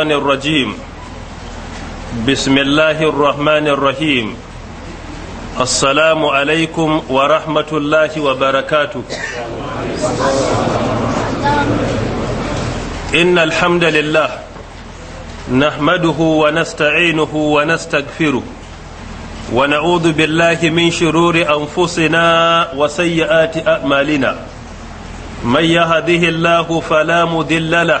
الشيطان الرجيم بسم الله الرحمن الرحيم السلام عليكم ورحمة الله وبركاته إن الحمد لله نحمده ونستعينه ونستغفره ونعوذ بالله من شرور أنفسنا وسيئات أعمالنا من يهده الله فلا مذل له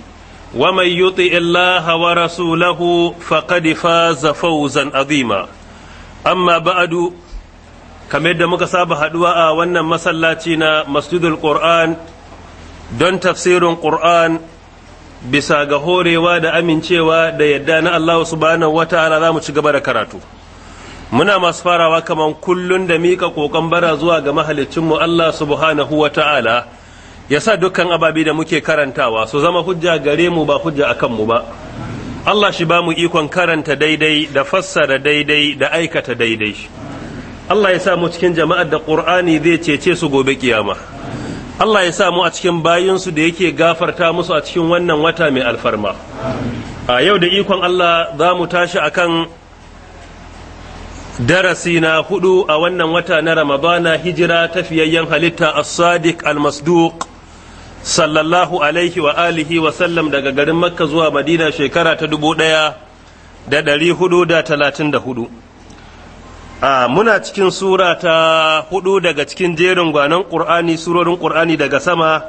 ومن يطع الله ورسوله فقد فاز فوزا عظيما أما بعد كما يدى مكساب wannan masallaci na مسجد القرآن don tafsirin القرآن bisa ga horewa da amincewa da yadda na Allah subhanahu wata'ala za mu ci gaba da karatu muna masu farawa kaman kullun da miƙa ƙoƙon bara zuwa ga mu Allah subhanahu wata'ala ta'ala ya sa dukkan ababi da muke karantawa su zama hujja gare mu ba hujja a kanmu ba Allah shi ba mu ikon karanta daidai da fassara daidai da aikata daidai Allah ya sa mu cikin jama'ar da Qur'ani zai cece su gobe kiyama Allah ya sa mu a cikin bayinsu da yake gafarta musu a cikin wannan wata mai alfarma a yau da ikon Allah za mu tashi akan darasi na hudu a wannan wata na ramadana hijira tafiyayyen halitta as-sadiq al-masduq sallallahu alaihi wa alihi wa sallam daga garin makka zuwa madina shekara ta dubu ɗaya da ɗari hudu da talatin da hudu a muna cikin sura ta hudu daga cikin jerin gwanon ƙur'ani surorin ƙur'ani daga sama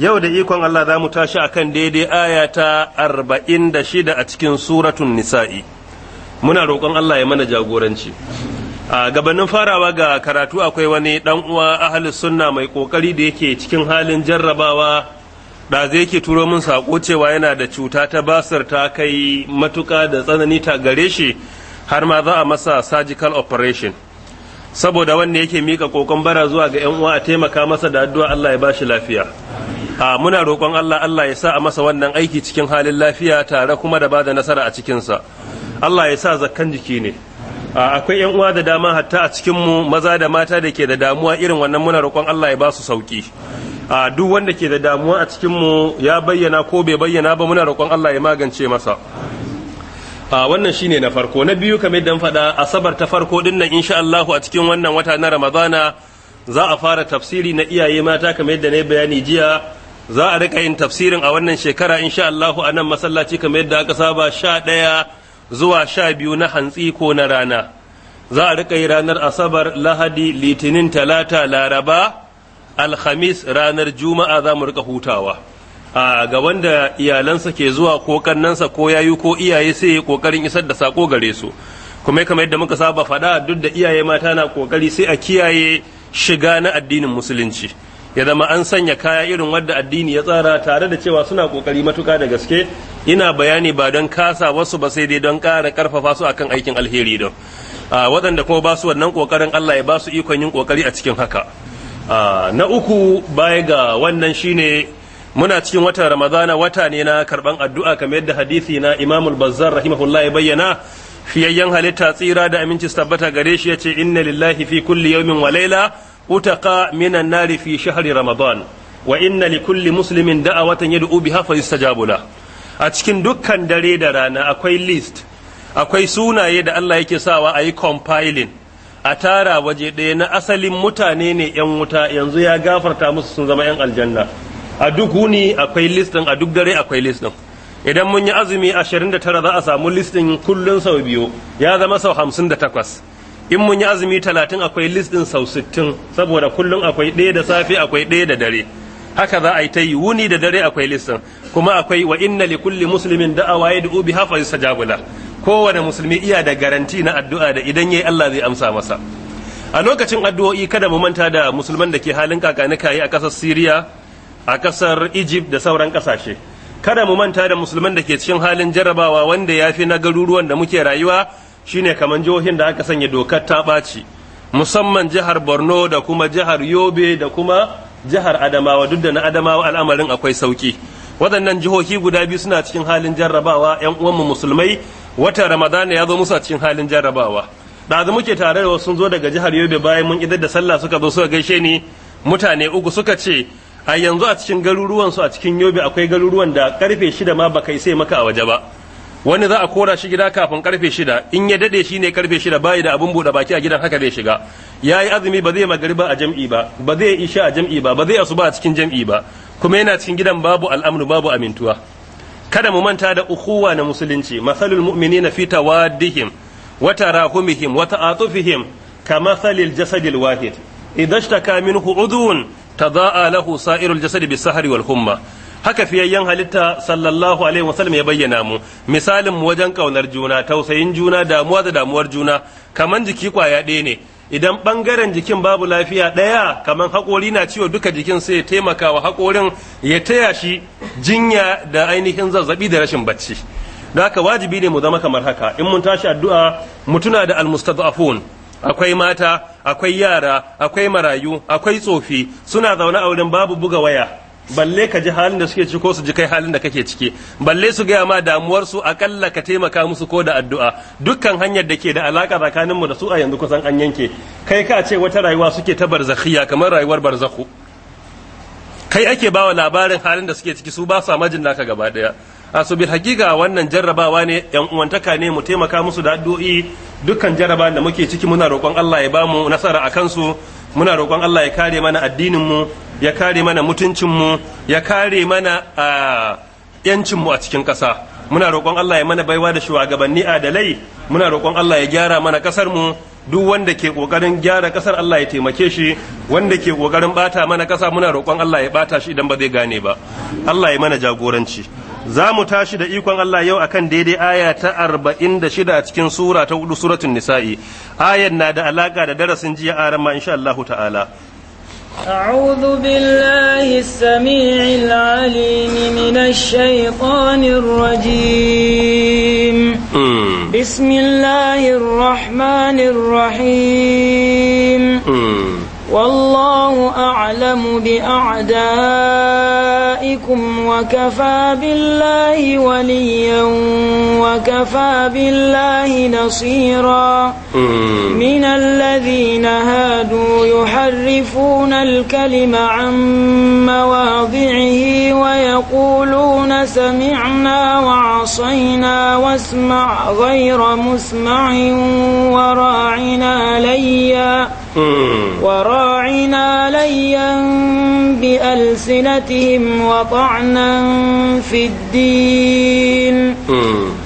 yau da ikon Allah za mu tashi a kan daidai aya ta arba'in da shida a cikin suratun nisa'i muna roƙon Allah ya mana jagoranci a gabanin farawa ga karatu akwai wani dan uwa ahli sunna mai kokari da yake cikin halin jarrabawa da zai yake turo min sako cewa yana da cuta ta basir ta kai matuƙa da tsanani ta gare shi har ma za a masa surgical operation saboda wanda yake mika kokon bara zuwa ga yan uwa a taimaka masa da addu'a Allah ya bashi lafiya a muna roƙon Allah Allah ya sa a masa wannan aiki cikin halin lafiya tare kuma da bada nasara a cikin sa Allah ya sa zakkan jiki ne akwai yan uwa da dama hatta a cikin mu maza da mata da ke da damuwa irin wannan muna roƙon Allah ya ba su sauki a duk wanda ke da damuwa a cikin mu ya bayyana ko bai bayyana ba muna roƙon Allah ya magance masa a wannan shine na farko na biyu kamar dan faɗa asabar ta farko din nan insha Allah a cikin wannan wata na Ramadana za a fara tafsiri na iyaye mata kamar yadda na bayani jiya za a rika yin tafsirin a wannan shekara insha Allah a nan masallaci kamar yadda aka saba sha ɗaya zuwa sha biyu na hantsi ko na rana za a riƙa yi ranar asabar lahadi litinin talata laraba alhamis ranar juma'a za mu riƙa hutawa a ga wanda iyalansa ke zuwa ko kannansa ko yayu ko iyaye sai ya kokarin isar da sako gare su kuma kamar yadda muka saba faɗa duk da iyaye mata na kokari sai a kiyaye shiga na addinin musulunci ya zama an sanya kaya irin wadda addini ya tsara tare da cewa suna kokari matuka da gaske ina bayani ba don kasa wasu ba sai dai don ƙara ƙarfafa su akan aikin alheri don waɗanda kuma ba su wannan ƙoƙarin Allah ya ba su ikon yin ƙoƙari a cikin haka na uku baya ga wannan shine muna cikin watan ramadana wata ne na karɓan addu'a kamar yadda hadisi na imamul bazzar rahimahullah ya bayyana fiyayyen halitta tsira da aminci tabbata gare shi ya ce inna lillahi fi kulli yawmin wa laila utaqa minan nari fi shahri ramadan wa inna li kulli muslimin da'awatan yad'u biha fa yustajabu lahu a cikin dukkan dare da rana akwai list akwai sunaye da Allah yake sawa a yi compiling a tara waje ɗaya na asalin mutane ne 'yan wuta yanzu ya gafarta musu sun zama 'yan aljanna a duk wuni akwai listin a duk dare akwai listin idan mun yi azumi 29 za a samu listin kullun sau biyu ya zama sau hamsin 58 in mun yi azumi talatin akwai listin sau sittin saboda kullun akwai ɗaya da safe akwai ɗaya da dare haka za a yi ta yi wuni da dare akwai listin kuma akwai wa inna li kulli muslimin da'awa yad'u biha fa yustajabu la kowane musulmi iya da garanti na addu'a da idan yayi Allah zai amsa masa a lokacin addu'o'i kada mu manta da musulman da ke halin kakani kai a kasar Syria a kasar Egypt da sauran kasashe kada mu manta da musulman da ke cikin halin jarrabawa wanda yafi na garuruwan da muke rayuwa shine kamar jihohin da aka sanya dokar ta ɓaci musamman jihar Borno da kuma jihar Yobe da kuma jihar Adamawa duk da na Adamawa al'amarin akwai sauki waɗannan jihohi guda biyu suna cikin halin jarrabawa yan uwanmu musulmai wata ramadana ya zo musu a cikin halin jarrabawa Da da muke tare da wasu zo daga jihar yobe bayan mun idar da sallah suka zo suka gaishe ni mutane uku suka ce a yanzu a cikin garuruwan su a cikin yobe akwai garuruwan da karfe shida ma baka sai maka a waje ba wani za a kora shi gida kafin karfe shida in ya dade shi ne karfe shida bayi da abun buɗe baki a gidan haka zai shiga ya yi azumi ba zai magariba a jam'i ba ba zai isha a jam'i ba ba zai asuba a cikin jam'i ba kuma yana cikin gidan babu al'amru babu amintuwa kada mu manta da ukuwa na musulunci masalul mu'minina fi tawaddihim wa tarahumihim wa ta'atufihim kamasalil jasadil wahid idan hu minhu udhun tada'a lahu sa'irul jasadi bisahari wal humma haka fiyayyen halitta sallallahu alaihi wasallam ya bayyana mu misalin mu wajen kaunar juna tausayin juna damuwa da damuwar juna kaman jiki kwaya ɗaya ne idan ɓangaren jikin babu lafiya ɗaya kamar haƙori na ciwo duka jikin sai ya taimaka wa haƙorin ya taya shi jinya da ainihin zazzabi da rashin bacci da haka wajibi ne mu zama kamar haka in mun tashi addu'a mu tuna da almustad'afun akwai mata akwai yara akwai marayu akwai tsofi suna zaune a wurin babu buga waya balle ka ji halin da suke ciki ko su ji kai halin da kake ciki balle su gaya ma damuwar su akalla ka taimaka musu ko da addu'a dukkan hanyar da ke da alaka tsakanin mu da su a yanzu kusan an yanke kai ka ce wata rayuwa suke ta barzakhiya kamar rayuwar barzakhu kai ake bawa labarin halin da suke ciki su ba sa majin naka gaba daya asubil hakika wannan jarrabawa ne yan uwantaka ne mu taimaka musu da addu'o'i dukkan jarraba da muke ciki muna roƙon Allah ya ba mu nasara akan su muna roƙon Allah ya kare mana addinin mu ya kare mana mutuncinmu ya kare mana yancinmu a cikin ƙasa muna roƙon Allah ya mana baiwa da shugabanni dalai muna roƙon Allah ya gyara mana ƙasarmu duk wanda ke ƙoƙarin gyara ƙasar Allah ya taimake shi wanda ke ƙoƙarin bata mana ƙasa muna roƙon Allah ya bata shi idan ba zai gane ba Allah ya mana jagoranci za mu tashi da ikon Allah yau akan daidai aya ta arba'in da shida a cikin sura ta hudu suratun nisa'i ayan na da alaƙa da darasin jiya a rama insha Allahu ta'ala أعوذ بالله السميع العليم من الشيطان الرجيم بسم الله الرحمن الرحيم والله أعلم بأعدائه أولئكم وكفى بالله وليا وكفى بالله نصيرا من الذين هادوا يحرفون الكلم عن مواضعه ويقولون سمعنا وعصينا واسمع غير مسمع وراعنا ليا وراعنا ليا بألسنتهم وطعنا في الدين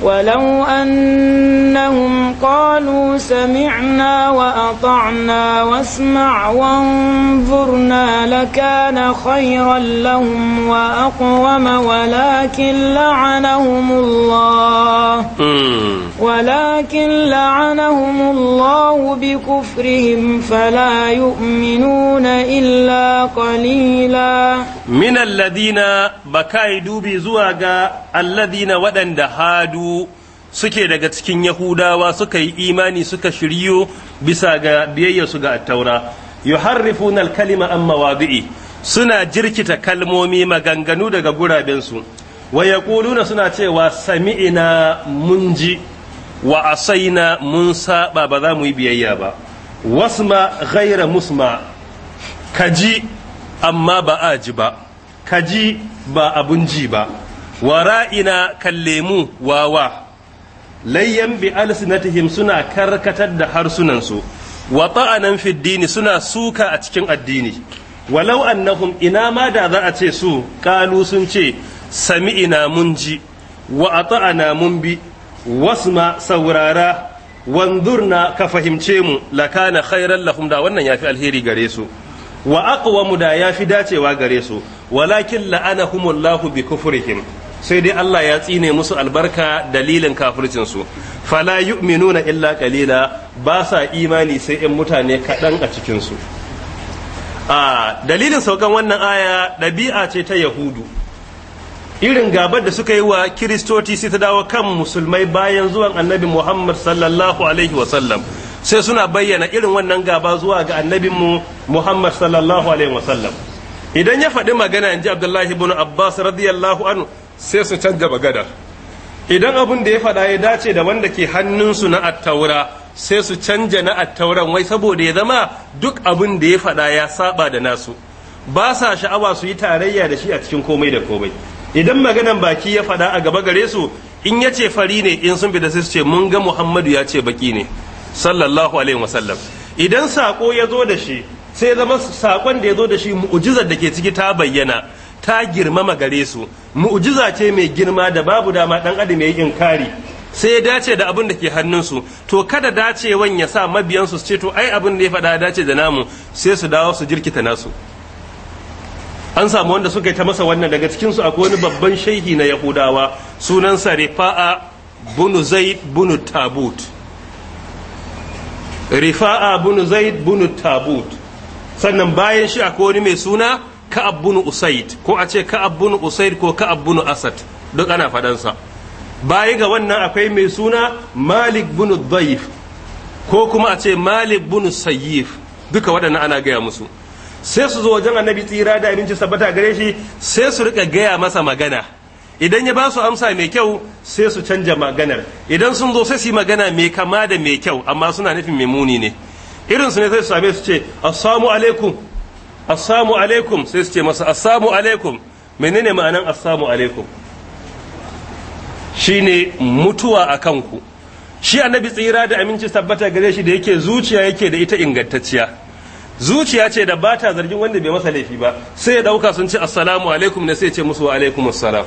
ولو أنهم قالوا سمعنا وأطعنا واسمع وانظرنا لكان خيرا لهم وأقوم ولكن لعنهم الله ولكن لعنهم الله بكفرهم فلا يؤمنون إلا قليلا من الذين بكاي دوبي الذين ودن هادو suke daga cikin yahudawa suka yi imani suka shiryo bisa ga biyayyarsu ga attaura yuharrifuna alkalima kalima an mawadi'i suna jirkita kalmomi maganganu daga gurabensu wa yaquluna suna cewa sami'ina mun ji wa asaina mun saba ba za mu yi biyayya ba wasma ghaira musma kaji amma ba a ji ba kaji ba abun ji ba wara'ina kallemu wawa layyan bi alsinatihim suna karkatar da harsunansu wa ta'anan fi dini suna suka a cikin addini walau annahum ina ma da za a ce su kalu sun ce sami'ina mun ji wa ata'ana mun bi wasma saurara wanzurna ka fahimce mu lakana khairan lahum da wannan yafi alheri gare su wa mu da yafi dacewa gare su walakin la'anahumullahu bi kufrihim sai dai Allah ya tsine musu albarka dalilin kafircin su fala yu'minuna illa kalila ba sa imani sai in mutane kaɗan a cikin su dalilin saukan wannan aya dabi'a ce ta yahudu irin gabar da suka yi wa kiristoci sai ta dawo kan musulmai bayan zuwan annabi muhammad sallallahu alaihi wasallam sai suna bayyana irin wannan gaba zuwa ga annabinmu muhammad sallallahu alaihi wasallam idan ya faɗi magana in ji abdullahi ibn abbas radiyallahu anhu sai su canja bagada. idan abin da ya faɗa ya dace da wanda ke hannunsu na attaura sai su canja na attauran wai saboda ya zama duk abin da ya faɗa ya saba da nasu ba sa sha'awa su yi tarayya da shi a cikin komai da komai idan maganan baki ya faɗa a gaba gare su in ya ce fari ne in sun fita sai su ce mun ga muhammadu ya ce baki ne sallallahu alaihi wasallam idan sako ya zo da shi sai zama sakon da ya zo da shi mu'ujizar da ke ciki ta bayyana ta girmama gare su mu'jiza ce mai girma da babu dama dan adam yayi inkari sai ya dace da abin da ke hannun su to kada dacewan ya sa mabiyansu su ce to ai abin da ya faɗa dace da namu sai su dawo su jirkita nasu an samu wanda suka yi ta masa wannan daga cikinsu akwai wani babban shehi na yahudawa sunansa rifa'a bunu zaid bunu tabut rifa'a bunu zaid bunu tabut sannan bayan shi akwai wani mai suna ka'ab bin usaid ko a ce ka'ab bin usaid ko ka'ab bin asad duk ana faɗansa bayi ga wannan akwai mai suna malik bin dhaif ko kuma a ce malik bin sayyif duka waɗannan ana gaya musu sai su zo wajen annabi tsira da abinci sabbata gare shi sai su rika gaya masa magana idan ya ba su amsa mai kyau sai su canja maganar idan sun zo sai su yi magana mai kama da mai kyau amma suna nufin mai muni ne Irinsu ne sai su same su ce assalamu alaikum assamu alaikum sai su ce masa assamu alaikum menene ma'anan assamu alaikum shine mutuwa a kanku shi annabi tsira da aminci tabbata gare shi da yake zuciya yake da ita ingantacciya zuciya ce da bata zargin wanda bai masa laifi ba sai ya dauka sun ce assalamu alaikum ne sai ya ce musu wa alaikum assalam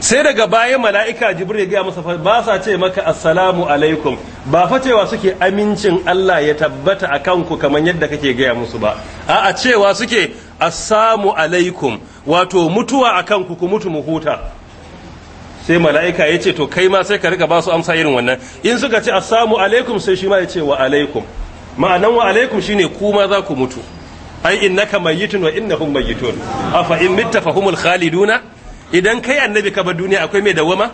sai daga baya mala'ika jibir ya gaya masa ba sa ce maka assalamu alaikum ba fa cewa suke amincin Allah ya tabbata a kanku kamar yadda kake gaya musu ba a'a cewa suke assamu alaikum wato mutuwa a kanku ku mutu mu huta sai mala'ika ya ce to kai ma sai ka riga ba su amsa irin wannan in suka ce assamu alaikum sai shi ma ya ce wa alaikum ma'anan wa alaikum shine ne kuma za ku mutu ai innaka mayyitun wa innahum mayyitun afa in mitta khaliduna idan kai annabi ka bar duniya akwai mai dawama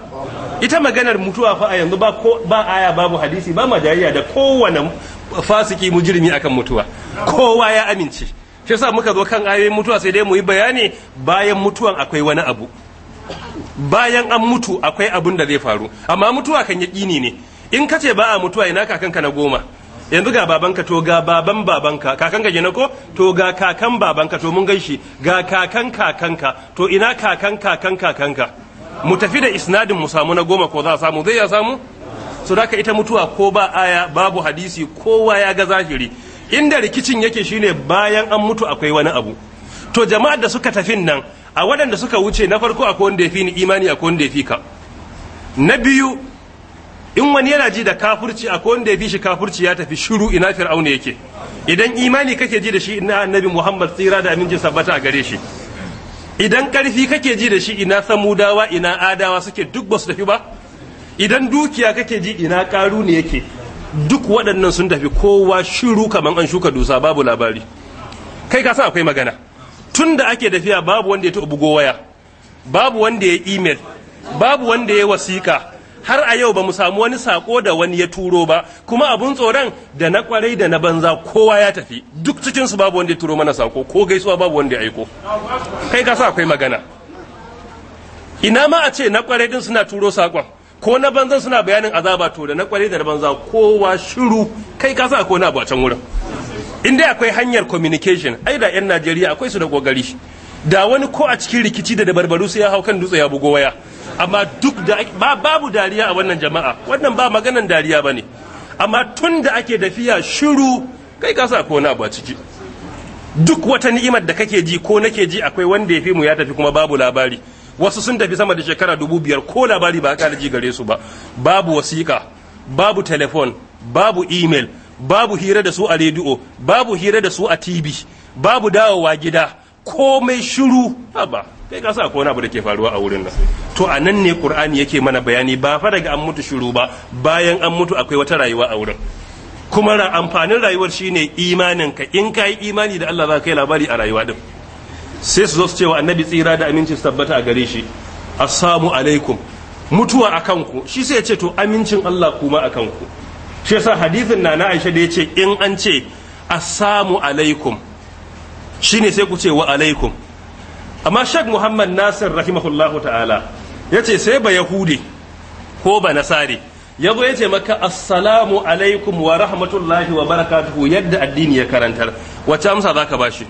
ita maganar mutuwa fa a yanzu ba ko ba aya babu hadisi ba majariya da kowane fasiki mujrimi akan mutuwa kowa ya amince shi yasa muka zo kan ayoyin mutuwa sai dai mu yi bayani bayan mutuwan akwai wani abu bayan an mutu akwai abun da zai faru amma mutuwa kan yaƙini ne in ka ce ba a mutuwa ina kakanka na goma yanzu ga babanka to ga baban babanka kakanka kenan ko to ga kakan babanka to mun gaishe ga kakan kakanka to ina kakan kakan kakanka mu tafi da isnadin mu samu na goma ko za a samu zai ya samu so da ita mutuwa ko ba aya babu hadisi kowa ya ga zahiri inda rikicin yake shine bayan an mutu akwai wani abu to jama'ar da suka tafin nan a waɗanda suka wuce na farko akwai wanda ya fi ni imani akwai wanda ya fi ka na biyu in wani yana ji da kafurci a akwai wanda ya fi shi kafurci ya tafi shiru ina fir'auna yake idan imani kake ji da shi ina annabi muhammad tsira da amincin sabbata a gare shi idan karfi kake ji da shi ina samudawa ina adawa suke duk ba su tafi ba idan dukiya kake ji ina karu ne yake duk waɗannan sun tafi kowa shiru kamar an shuka dusa babu labari kai ka san akwai magana tun da ake tafiya babu wanda ya taɓa bugo waya babu wanda ya email babu wanda ya wasiƙa har a yau ba mu samu wani sako da wani ya turo ba kuma abun tsoron da na kwarai da na banza kowa ya tafi duk cikin su babu wanda ya turo mana sako ko gaisuwa babu wanda ya aiko kai ka sa akwai magana ina ma a ce na kwarai din suna turo sakon ko na banza suna bayanin azaba to da na kwarai da na banza kowa shiru kai ka sa akwai wani abu a can wurin in dai akwai hanyar communication ai da yan Najeriya akwai su da kokari da wani ko a cikin rikici da dabarbaru sai ya hau kan dutse ya bugo waya amma duk da ba babu dariya a wannan jama'a wannan ba maganan dariya ba ne amma tun da ake tafiya shiru kai ka sa ko na ba ciki duk wata ni'imar da kake ji ko nake ji akwai wanda ya fi mu ya tafi kuma babu labari wasu sun tafi sama da shekara dubu biyar ko labari ba a ji gare su ba babu wasiƙa babu telefon babu email babu hira da su a rediyo babu hira da su a tv babu dawowa gida komai shiru haba kai ka sa kona abu da ke faruwa a wurin nan to a nan ne qur'ani yake mana bayani ba fa daga an mutu shiru ba bayan an mutu akwai wata rayuwa a wurin kuma amfanin rayuwar shine imanin ka in ka imani da Allah za ka yi labari a rayuwa din sai su zo su cewa annabi tsira da aminci su tabbata a gare shi assalamu alaikum mutuwa a ku shi sai ya ce to amincin Allah kuma a ku shi yasa hadithin na na Aisha da ya ce in an ce assalamu alaikum Shi ne sai ku ce wa alaikum amma shek muhammad nasir rahimahullahu ta'ala ya ce sai ba yahudi ko ba nasari ya zo ya ce maka assalamu alaikum wa rahmatullahi wa barakatuhu yadda addini ya karantar wacce amsa za ka ba shi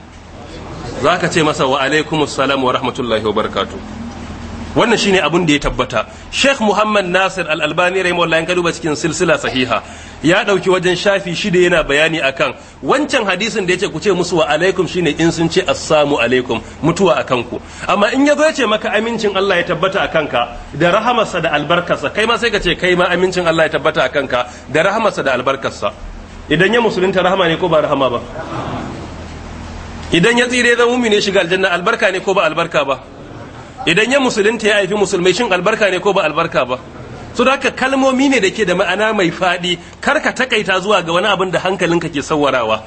za ka ce masa wa alaikum assalamu wa rahmatullahi wa barakatuhu wannan shine abun da ya tabbata Sheikh Muhammad Nasir Al-Albani rahimahullah in duba cikin silsila sahiha ya dauki wajen shafi shida yana bayani akan wancan hadisin da yace ku ce musu wa alaikum shine in sun ce assalamu alaikum mutuwa akan ku amma in yazo ce maka amincin Allah ya tabbata akan ka da rahamarsa da albarkarsa kai ma sai ka ce kai ma amincin Allah ya tabbata akan ka da rahamarsa da albarkarsa idan ya musulunta rahama ne ko ba rahama ba idan ya tsire zan mumine shiga aljanna albarka ne ko ba albarka ba idan ya musulunta ya haifi musulmai shin albarka ne ko ba albarka ba su da kalmomi ne da ke da ma'ana mai faɗi kar ka takaita zuwa ga wani abin da hankalinka ke sawarawa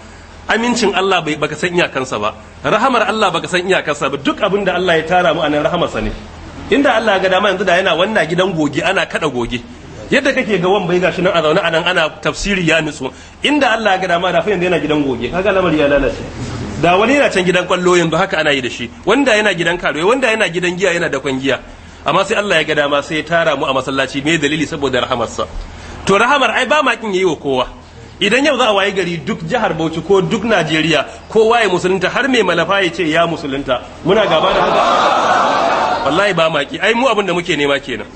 amincin Allah bai baka san iyakansa ba rahamar Allah baka san iyakansa ba duk abin da Allah ya tara mu anan rahamarsa ne inda Allah ga dama yanzu da yana wannan gidan goge ana kada goge yadda kake ga wan bai gashi nan a zaune anan ana tafsiri ya nutsu inda Allah ga dama da fa yanzu yana gidan goge kaga lamar ya lalace da wani yana can gidan kwallo yanzu haka ana yi da shi wanda yana gidan karuwa wanda yana gidan giya yana da kwangiya amma sai Allah ya ga dama sai ya tara mu a masallaci me dalili saboda rahamarsa to rahamar ai ba ma yayi wa kowa idan yau za a waye gari duk jihar Bauchi ko duk Najeriya kowa ya musulunta har mai malafa ya ce ya musulunta muna gaba da haka wallahi ba ma ai mu abin da muke nema kenan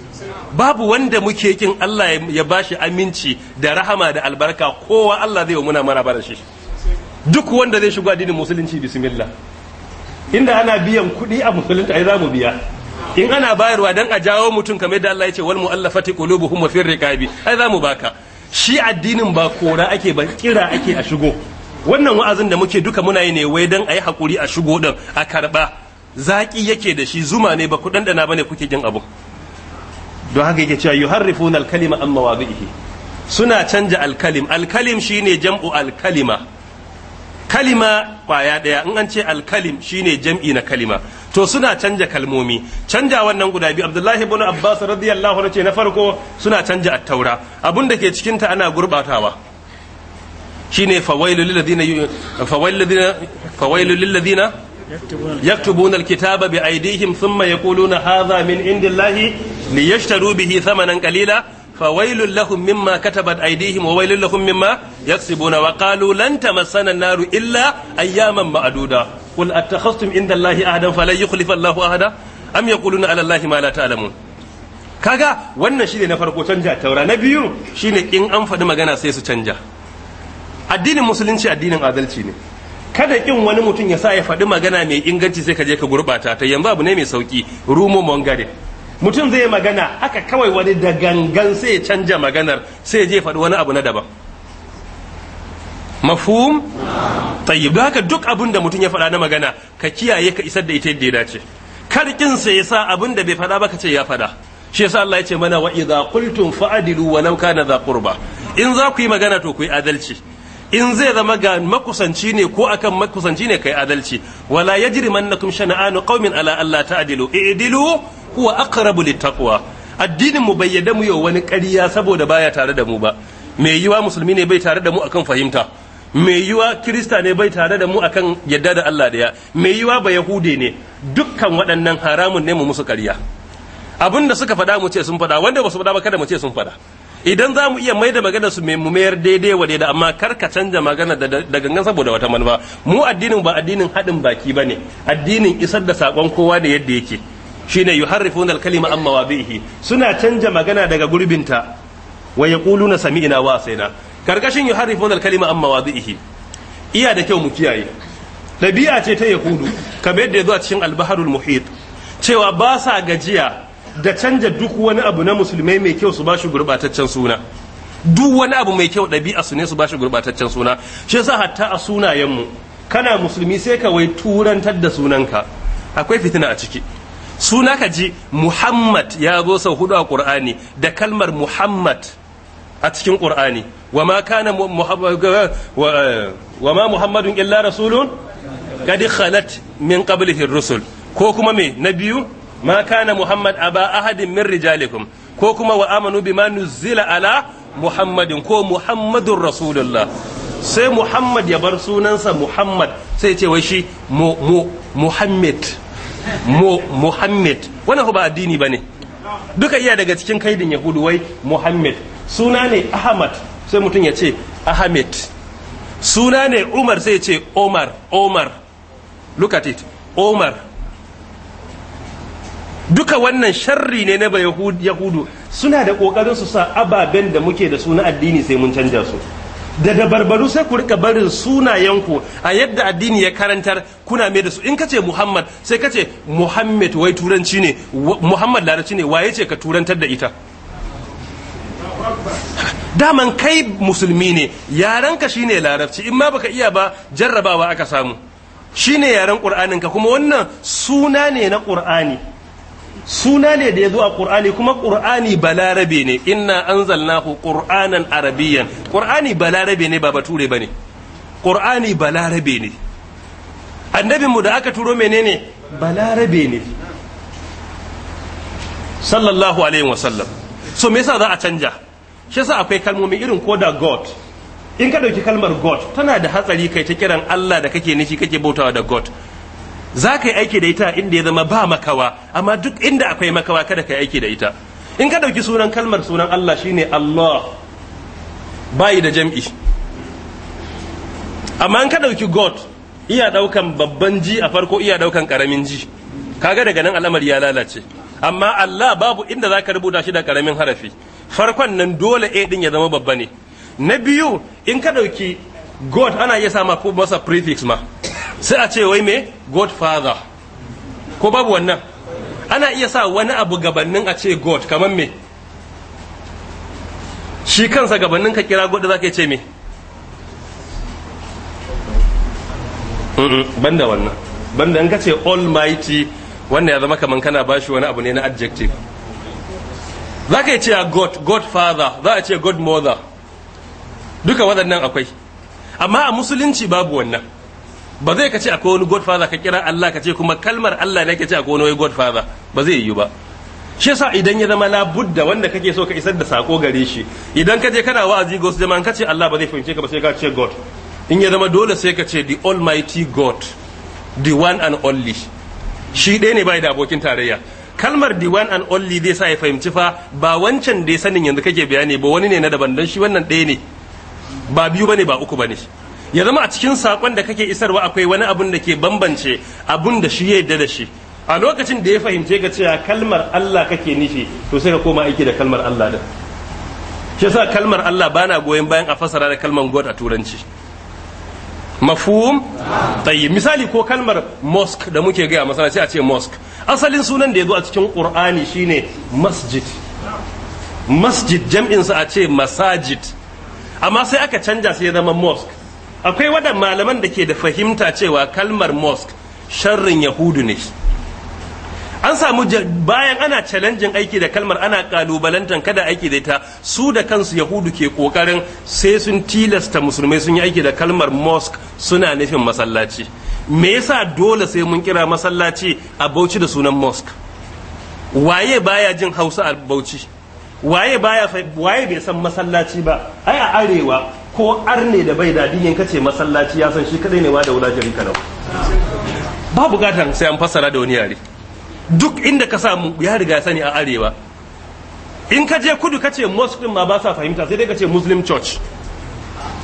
babu wanda muke kin Allah ya bashi aminci da rahama da albarka kowa Allah zai wa muna maraba da shi duk wanda zai shigo addinin musulunci bismillah inda ana biyan kuɗi a musulunci ai za mu biya in ana bayarwa dan a jawo mutum kamar yadda Allah ya ce wal mu'allafati qulubuhum fi fir riqabi ai za mu baka shi addinin ba kora ake ba kira ake a shigo wannan wa'azin da muke duka muna yi ne wai dan ayi hakuri a shigo din a karba zaki yake da shi zuma ne ba ku dandana bane kuke jin abu don haka yake cewa yuharrifuna al-kalima amma mawadihi suna canja al-kalim al-kalim shine jam'u al-kalima kalima kwaya ɗaya in an ce alkalim shine jam'i na kalima to suna canja kalmomi canja wannan guda biyu abdullahi ibn abbas radiyallahu anhu ce na farko suna canja at-taura abun da ke cikin ta ana gurbatawa shine fawailu lil ladina fawailu ladina fawailu lil ladina yaktubuna al-kitaba bi aydihim thumma yaquluna hadha min indillahi liyashtaru bihi thamanan qalila فويل لهم مما كتبت aydihim وويل لهم مما يكسبون وقالوا لن تمسنا النار tamassana an-naru illa ayyaman عند الله attakhastum فلن يخلف ahadan falan yukhlifa يقولون على الله ما لا تعلمون kaga wannan shine na farko canja taura na biyu shine in an faɗi magana sai su canja addinin musulunci addinin adalci ne kada kin wani mutum ya sa ya faɗi magana mai inganci sai ka je ka gurɓata ta yanzu abu ne mai sauki rumo mongare mutum zai magana haka kawai wani da gangan sai canja maganar sai je faɗi wani abu na daban mafhum tayyib don haka duk abin da mutum ya faɗa na magana ka kiyaye ka isar da ita yadda ya dace karkin sa yasa abin da bai faɗa ba ka ce ya faɗa shi yasa Allah ya ce mana wa idza qultum fa'dilu wa law kana qurba in za ku yi magana to ku yi adalci in zai zama ga makusanci ne ko akan makusanci ne kai adalci wala ya yajrimannakum shana'anu qaumin ala alla ta'dilu i'dilu huwa aqrabu littaqwa addinin mu bai yadda mu yau wani ƙarya saboda baya tare da mu ba mai yiwa musulmi ne bai tare da mu akan fahimta mai yiwa kirista ne bai tare da mu akan yadda da Allah daya mai yiwa ba yahude ne dukkan waɗannan haramun ne mu musu ƙarya abin suka faɗa mu ce sun faɗa wanda ba su faɗa ba kada mu ce sun faɗa idan za mu iya mai da magana su mu mayar daidai wa daidai amma kar ka canja magana da gangan saboda wata manufa mu addinin ba addinin haɗin baki ba ne addinin isar da sakon kowa da yadda yake shine yuharrifuna al-kalima an mawadhihi suna canja magana daga gurbinta wa yaquluna sami'na wa sayna karkashin yuharrifuna al-kalima an mawadhihi iya da kyau mu kiyaye dabi'a ce ta yahudu kamar yadda zo a cikin al-baharul muhit cewa ba sa gajiya da canja duk wani abu na musulmai mai kyau su ba shi gurbataccen suna duk wani abu mai kyau ɗabi'a su ne su ba shi gurbataccen suna shi yasa hatta a sunayen mu kana musulmi sai ka wai turantar da sunanka akwai fitina a ciki suna ka ji muhammad ya zo sau hudu a ƙur'ani da kalmar muhammad a cikin ƙur'ani wa ma kana wa ma muhammadun illa rasulun qad khalat min qablihi rusul ko kuma me na biyu ma kana muhammad aba ahadin min rijalikum ko kuma wa amanu bima nuzila ala muhammadin ko muhammadun rasulullah sai muhammad ya bar sunansa muhammad sai ce wai shi mu muhammad muhammad wannan ba addini bane duka iya daga cikin kaidin yahudu wai muhammad suna ne ahmad sai mutum ya ce ahmed suna ne umar sai ya ce omar omar look at it omar duka wannan sharri ne na ba yahudu suna da kokarin su sa ababen da muke da suna addini sai mun canja su da dabarbaru sai ku rika barin sunayenku a yadda addini ya karantar kuna mai da su in kace Muhammad sai kace Muhammad wai turanci ne Muhammad larabci ne waye ce ka turantar da ita daman kai musulmi ne yarenka shine larabci in ma baka iya ba jarrabawa aka samu shine yaren qur'aninka kuma wannan suna ne na qur'ani suna ne da ya zo a ƙur'ani kuma ƙur'ani balarabe ne an zalna ku ƙur'anan arabiyan ƙur'ani balarabe ne ba bature ba ne ƙur'ani balarabe ne annabinmu da aka turo menene balarabe ne sallallahu alaihi wasallam so me yasa za a canja shi yasa akwai kalmomi irin ko da god in ka ɗauki kalmar god tana da hatsari kai ta kiran allah da kake nishi kake bautawa da god za ka yi aiki da ita inda ya zama ba makawa amma duk inda akwai makawa kada ka yi aiki da ita in ka ɗauki sunan kalmar sunan Allah shine Allah bayi da jam'i amma in ka ɗauki God iya ɗaukan babban ji a farko iya ɗaukan ƙaramin ji kaga daga nan al'amari ya lalace amma Allah babu inda za ka rubuta shi da ƙaramin harafi farkon nan dole A ɗin ya zama babba ne na biyu in ka ɗauki God ana iya sa masa prefix ma sai a ce wai me godfather ko babu wannan ana iya sa wani abu gabanin a ce god kamar me shi kansa gabanin ka kira god da zaka ce me banda wannan banda in ka ce almighty wannan ya zama kamar kana bashi wani abu ne na adjective za ka ce god godfather za a ce godmother duka waɗannan akwai amma a musulunci babu wannan ba zai kace akwai wani godfather ka kira Allah kace kuma kalmar Allah ne kace akwai wani godfather ba zai yi ba shi yasa idan ya zama budda wanda kake so ka isar da sako gare shi idan ka je kana wa'azi ga wasu jama'an kace Allah ba zai fahimce ka ba sai ka ce God in ya zama dole sai ka ce the almighty God the one and only shi ɗaya ne bai da abokin tarayya kalmar the one and only zai sa ya fahimci fa ba wancan da ya sanin yanzu kake bayani ba wani ne na daban dan shi wannan ɗaya ne ba biyu bane ba uku bane ya zama a cikin sakon da kake isarwa akwai wani abun da ke bambance abun da shi ya yadda da shi a lokacin da ya fahimce ga cewa kalmar Allah kake nishi to sai ka koma aiki da kalmar Allah din shi yasa kalmar Allah bana goyon bayan a fasara da kalmar God a turanci mafhum tayi misali ko kalmar mosque da muke gaya sai a ce mosque asalin sunan da ya zo a cikin qur'ani shine masjid masjid jam'insa a ce masajid amma sai aka canja sai ya zama mosque akwai wadan malaman da ke da fahimta cewa kalmar mosque sharrin yahudu ne an samu bayan ana challenging aiki da kalmar ana kalubalantan kada aiki da ita su da kansu yahudu ke kokarin sai sun tilasta musulmai sun yi aiki da kalmar mosque suna nufin masallaci me yasa dole sai mun kira masallaci a bauchi da sunan mosque waye baya jin hausa a bauchi waye baya waye bai san masallaci ba ai a arewa ko arne da bai dadi yin kace masallaci ya san shi kadai ne wa da wulajin kalau ba bukatan sai an fassara da wani yare duk inda ka samu ya riga sani a arewa in ka je kudu kace mosque din ma ba sa fahimta sai dai kace muslim church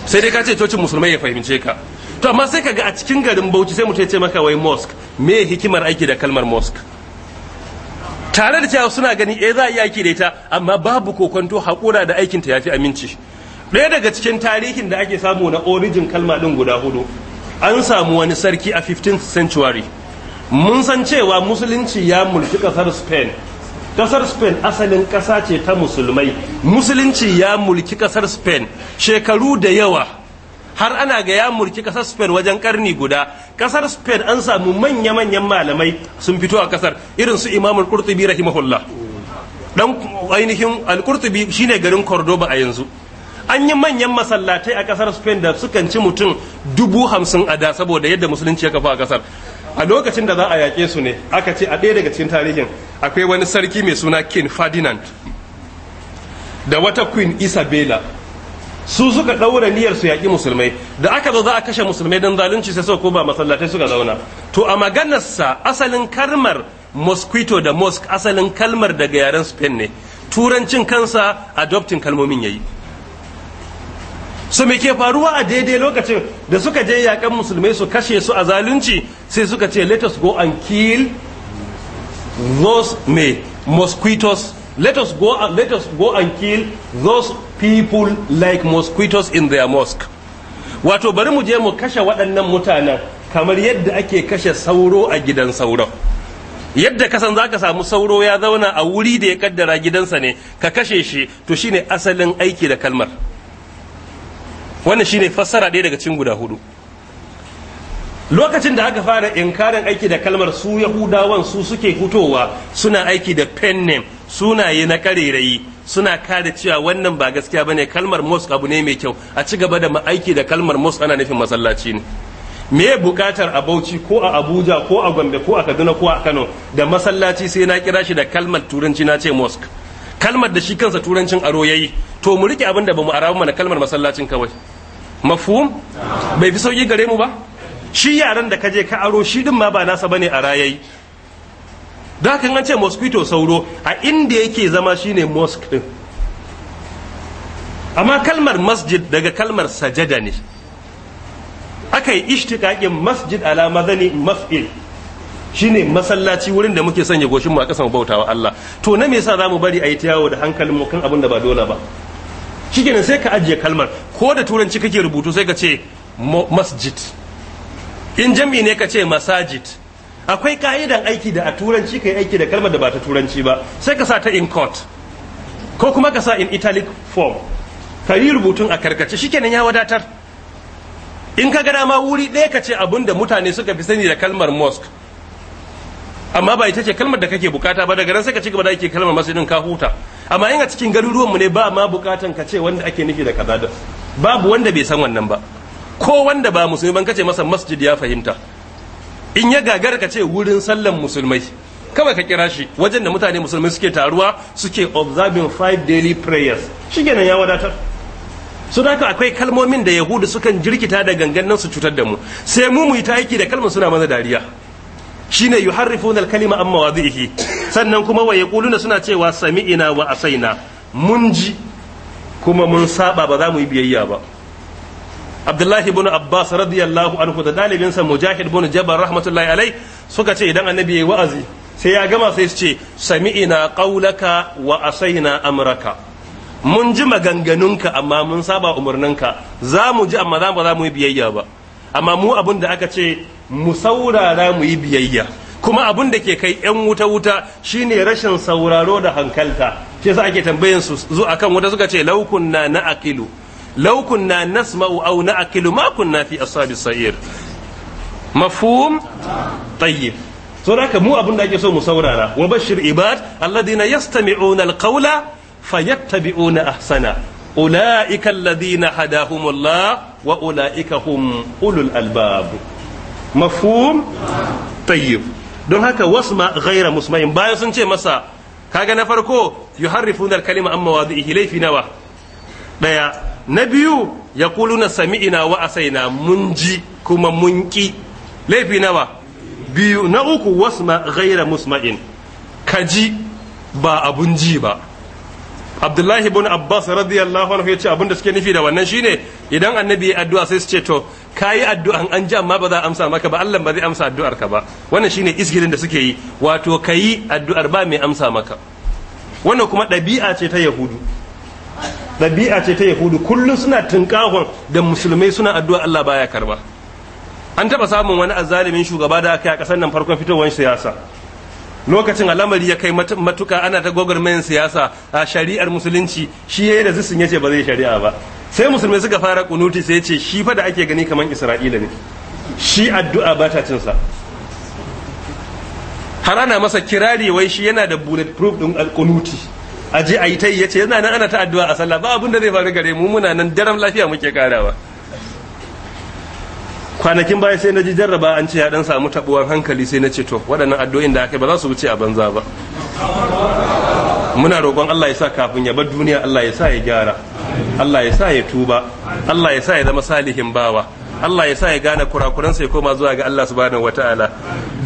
sai dai kace cocin musulmai ya fahimce ka to amma sai kaga a cikin garin Bauchi sai mutum ya ce maka wai mosque me hikimar aiki da kalmar mosque tare da cewa suna gani eh za a yi aiki da ita amma babu kokonto hakura da aikin ta fi aminci ɗaya daga cikin tarihin da ake samu na origin kalma ɗin guda hudu an samu wani sarki a 15th century mun san cewa musulunci ya mulki ƙasar spain ƙasar spain asalin ƙasa ce ta musulmai musulunci ya mulki ƙasar spain shekaru da yawa har ana ga ya mulki ƙasar spain wajen ƙarni guda ƙasar spain an samu manya-manyan malamai sun fito a ƙasar irin su imam al-qurtubi rahimahullah dan ainihin al kurtubi shine garin cordoba a yanzu an yi manyan masallatai a kasar spain da sukan ci mutum dubu hamsin a da saboda yadda musulunci ya kafa a kasar a lokacin da za a yaƙe su ne aka ce a ɗaya daga cikin tarihin akwai wani sarki mai suna king ferdinand da wata queen isabella su suka ɗaura niyyar su yaƙi musulmai da aka zo za a kashe musulmai don zalunci sai suka koma masallatai suka zauna to a maganarsa asalin kalmar mosquito da mosque asalin kalmar daga yaren spain ne turancin kansa adoptin kalmomin yayi su me ke faruwa a daidai lokacin da suka je yaƙan musulmai su kashe su a zalunci sai suka ce let us go and kill those may mosquitoes let us go and let us go and kill those people like mosquitoes in their mosque wato bari mu je mu kashe waɗannan mutanen kamar yadda ake kashe sauro a gidan sauro yadda kasan za ka samu sauro ya zauna a wuri da ya kaddara gidansa ne ka kashe shi to shine asalin aiki da kalmar wannan shine fassara ɗaya daga cikin guda hudu lokacin da aka fara inkarin aiki da kalmar su yahudawan su suke hutowa suna aiki da pen name sunaye na karerayi suna kada cewa wannan ba gaskiya bane kalmar mosque abu ne mai kyau a ci gaba da aiki da kalmar mosque ana nufin masallaci ne me bukatar a Bauchi ko a Abuja ko a Gombe ko a Kaduna ko a Kano da masallaci sai na kira shi da kalmar turanci na ce mosque kalmar da shi kansa turancin aro yayi to mu rike abinda da bamu arabu mana kalmar masallacin kawai mafhum bai fi sauki gare mu ba shi yaran da kaje ka aro shi din ma ba nasa bane a rayayi da kan an ce mosquito sauro a inda yake zama shine mosque din amma kalmar masjid daga kalmar sajada ne aka yi ishtiqaqin masjid ala madani maf'il shine masallaci wurin da muke sanya goshin mu a kasan bautawa Allah to na me yasa zamu bari a yi ta da hankalin mu kan abin da ba dole ba shikenan sai ka ajiye kalmar ko da turanci kake rubutu sai ka ce masjid in jami ne ka ce masajid akwai ka'idan aiki da a turanci kai aiki da kalmar da ba ta turanci ba sai ka sa ta in court ko kuma ka sa in italic form ka yi rubutun a karkace shikenan ya wadatar in ka gana ma wuri ɗaya ka ce abin da mutane suka fi sani da kalmar mosque amma ba ita ce kalmar da kake bukata ba daga nan sai ka ci gaba da ake kalmar masjidin ka huta amma in a cikin garuruwanmu ne ba ma bukatan ka ce wanda ake nufi da kaza da babu wanda bai san wannan ba ko wanda ba musulmi ban kace masa masjid ya fahimta in ya gagara ka ce wurin sallan musulmai kawai ka kira shi wajen da mutane musulmi suke taruwa suke observing five daily prayers shikenan ya wadatar su da haka akwai kalmomin da yahudu sukan jirkita da gangan su cutar da mu sai mu mu yi ta aiki da kalmar suna maza dariya shine yuharrifuna al-kalima amma sannan kuma wa yaquluna suna cewa sami'ina wa asaina mun ji kuma mun saba ba za mu yi biyayya ba abdullahi ibn abbas radiyallahu anhu da dalibinsa mujahid ibn jabal rahmatullahi alai suka ce idan annabi ya wa'azi sai ya gama sai su ce sami'ina qaulaka wa asaina amraka mun ji maganganunka amma mun saba umarninka za mu ji amma za mu yi biyayya ba amma mu abin da aka ce mu saurara mu yi biyayya kuma abun da ke kai yan wuta wuta shine rashin sauraro da hankalta ke yasa ake tambayan su zu kan wuta suka ce laukun na aqilu laukunna nasma'u aw na akilu makun na fi ashabis sa'ir mafhum tayyib so haka mu abun da ake so mu saurara wa bashir ibad alladhina yastami'una alqawla fayattabi'una ahsana ulaika hada hadahumullah wa ulaika hum ulul albab mafhum tayyib don haka wasma ghaira musmain bayan sun ce masa kaga na farko yuharrifuna al-kalima amma wadihi laifi nawa daya na biyu yaquluna sami'na wa asaina munji kuma munki laifi nawa biyu na uku wasma ghaira musmain kaji ba abun ji ba abdullahi ibn abbas radiyallahu anhu ya ce abin da suke nufi da wannan shine idan annabi ya addu'a sai su ce to Kayi yi addu'an an ji amma ba za a amsa maka ba Allah ba zai amsa addu'ar ka ba wannan shine isgirin da suke yi wato kayi yi addu'ar ba mai amsa maka wannan kuma dabi'a ce ta yahudu ɗabi'a ce ta yahudu kullum suna tunkahon da musulmai suna addu'a Allah baya karba an taɓa samun wani azalimin shugaba da aka yi a kasar nan farkon fitowar siyasa lokacin al'amari ya kai matuka ana ta mayan siyasa a shari'ar musulunci shi ya yi da zisin ya ce ba zai shari'a ba sai musulmi suka fara kunuti sai ce shi fa da ake gani kamar isra'ila ne shi addu'a ba ta cinsa har ana masa kirari wai shi yana da bulletproof din kunuti a je a yi ta yace yana nan ana ta addu'a a sallah ba abin da zai faru gare mu muna nan daren lafiya muke karawa kwanakin baya sai na ji jarraba an ce ya dan samu tabuwar hankali sai na ce to waɗannan addu'o'in da aka ba za su wuce a banza ba muna roƙon Allah ya sa kafin ya bar duniya Allah ya sa ya gyara Allah ya sa ya tuba Allah ya sa ya zama salihin bawa Allah ya sa ya gane kurakuransa ya koma zuwa ga Allah subhanahu wataala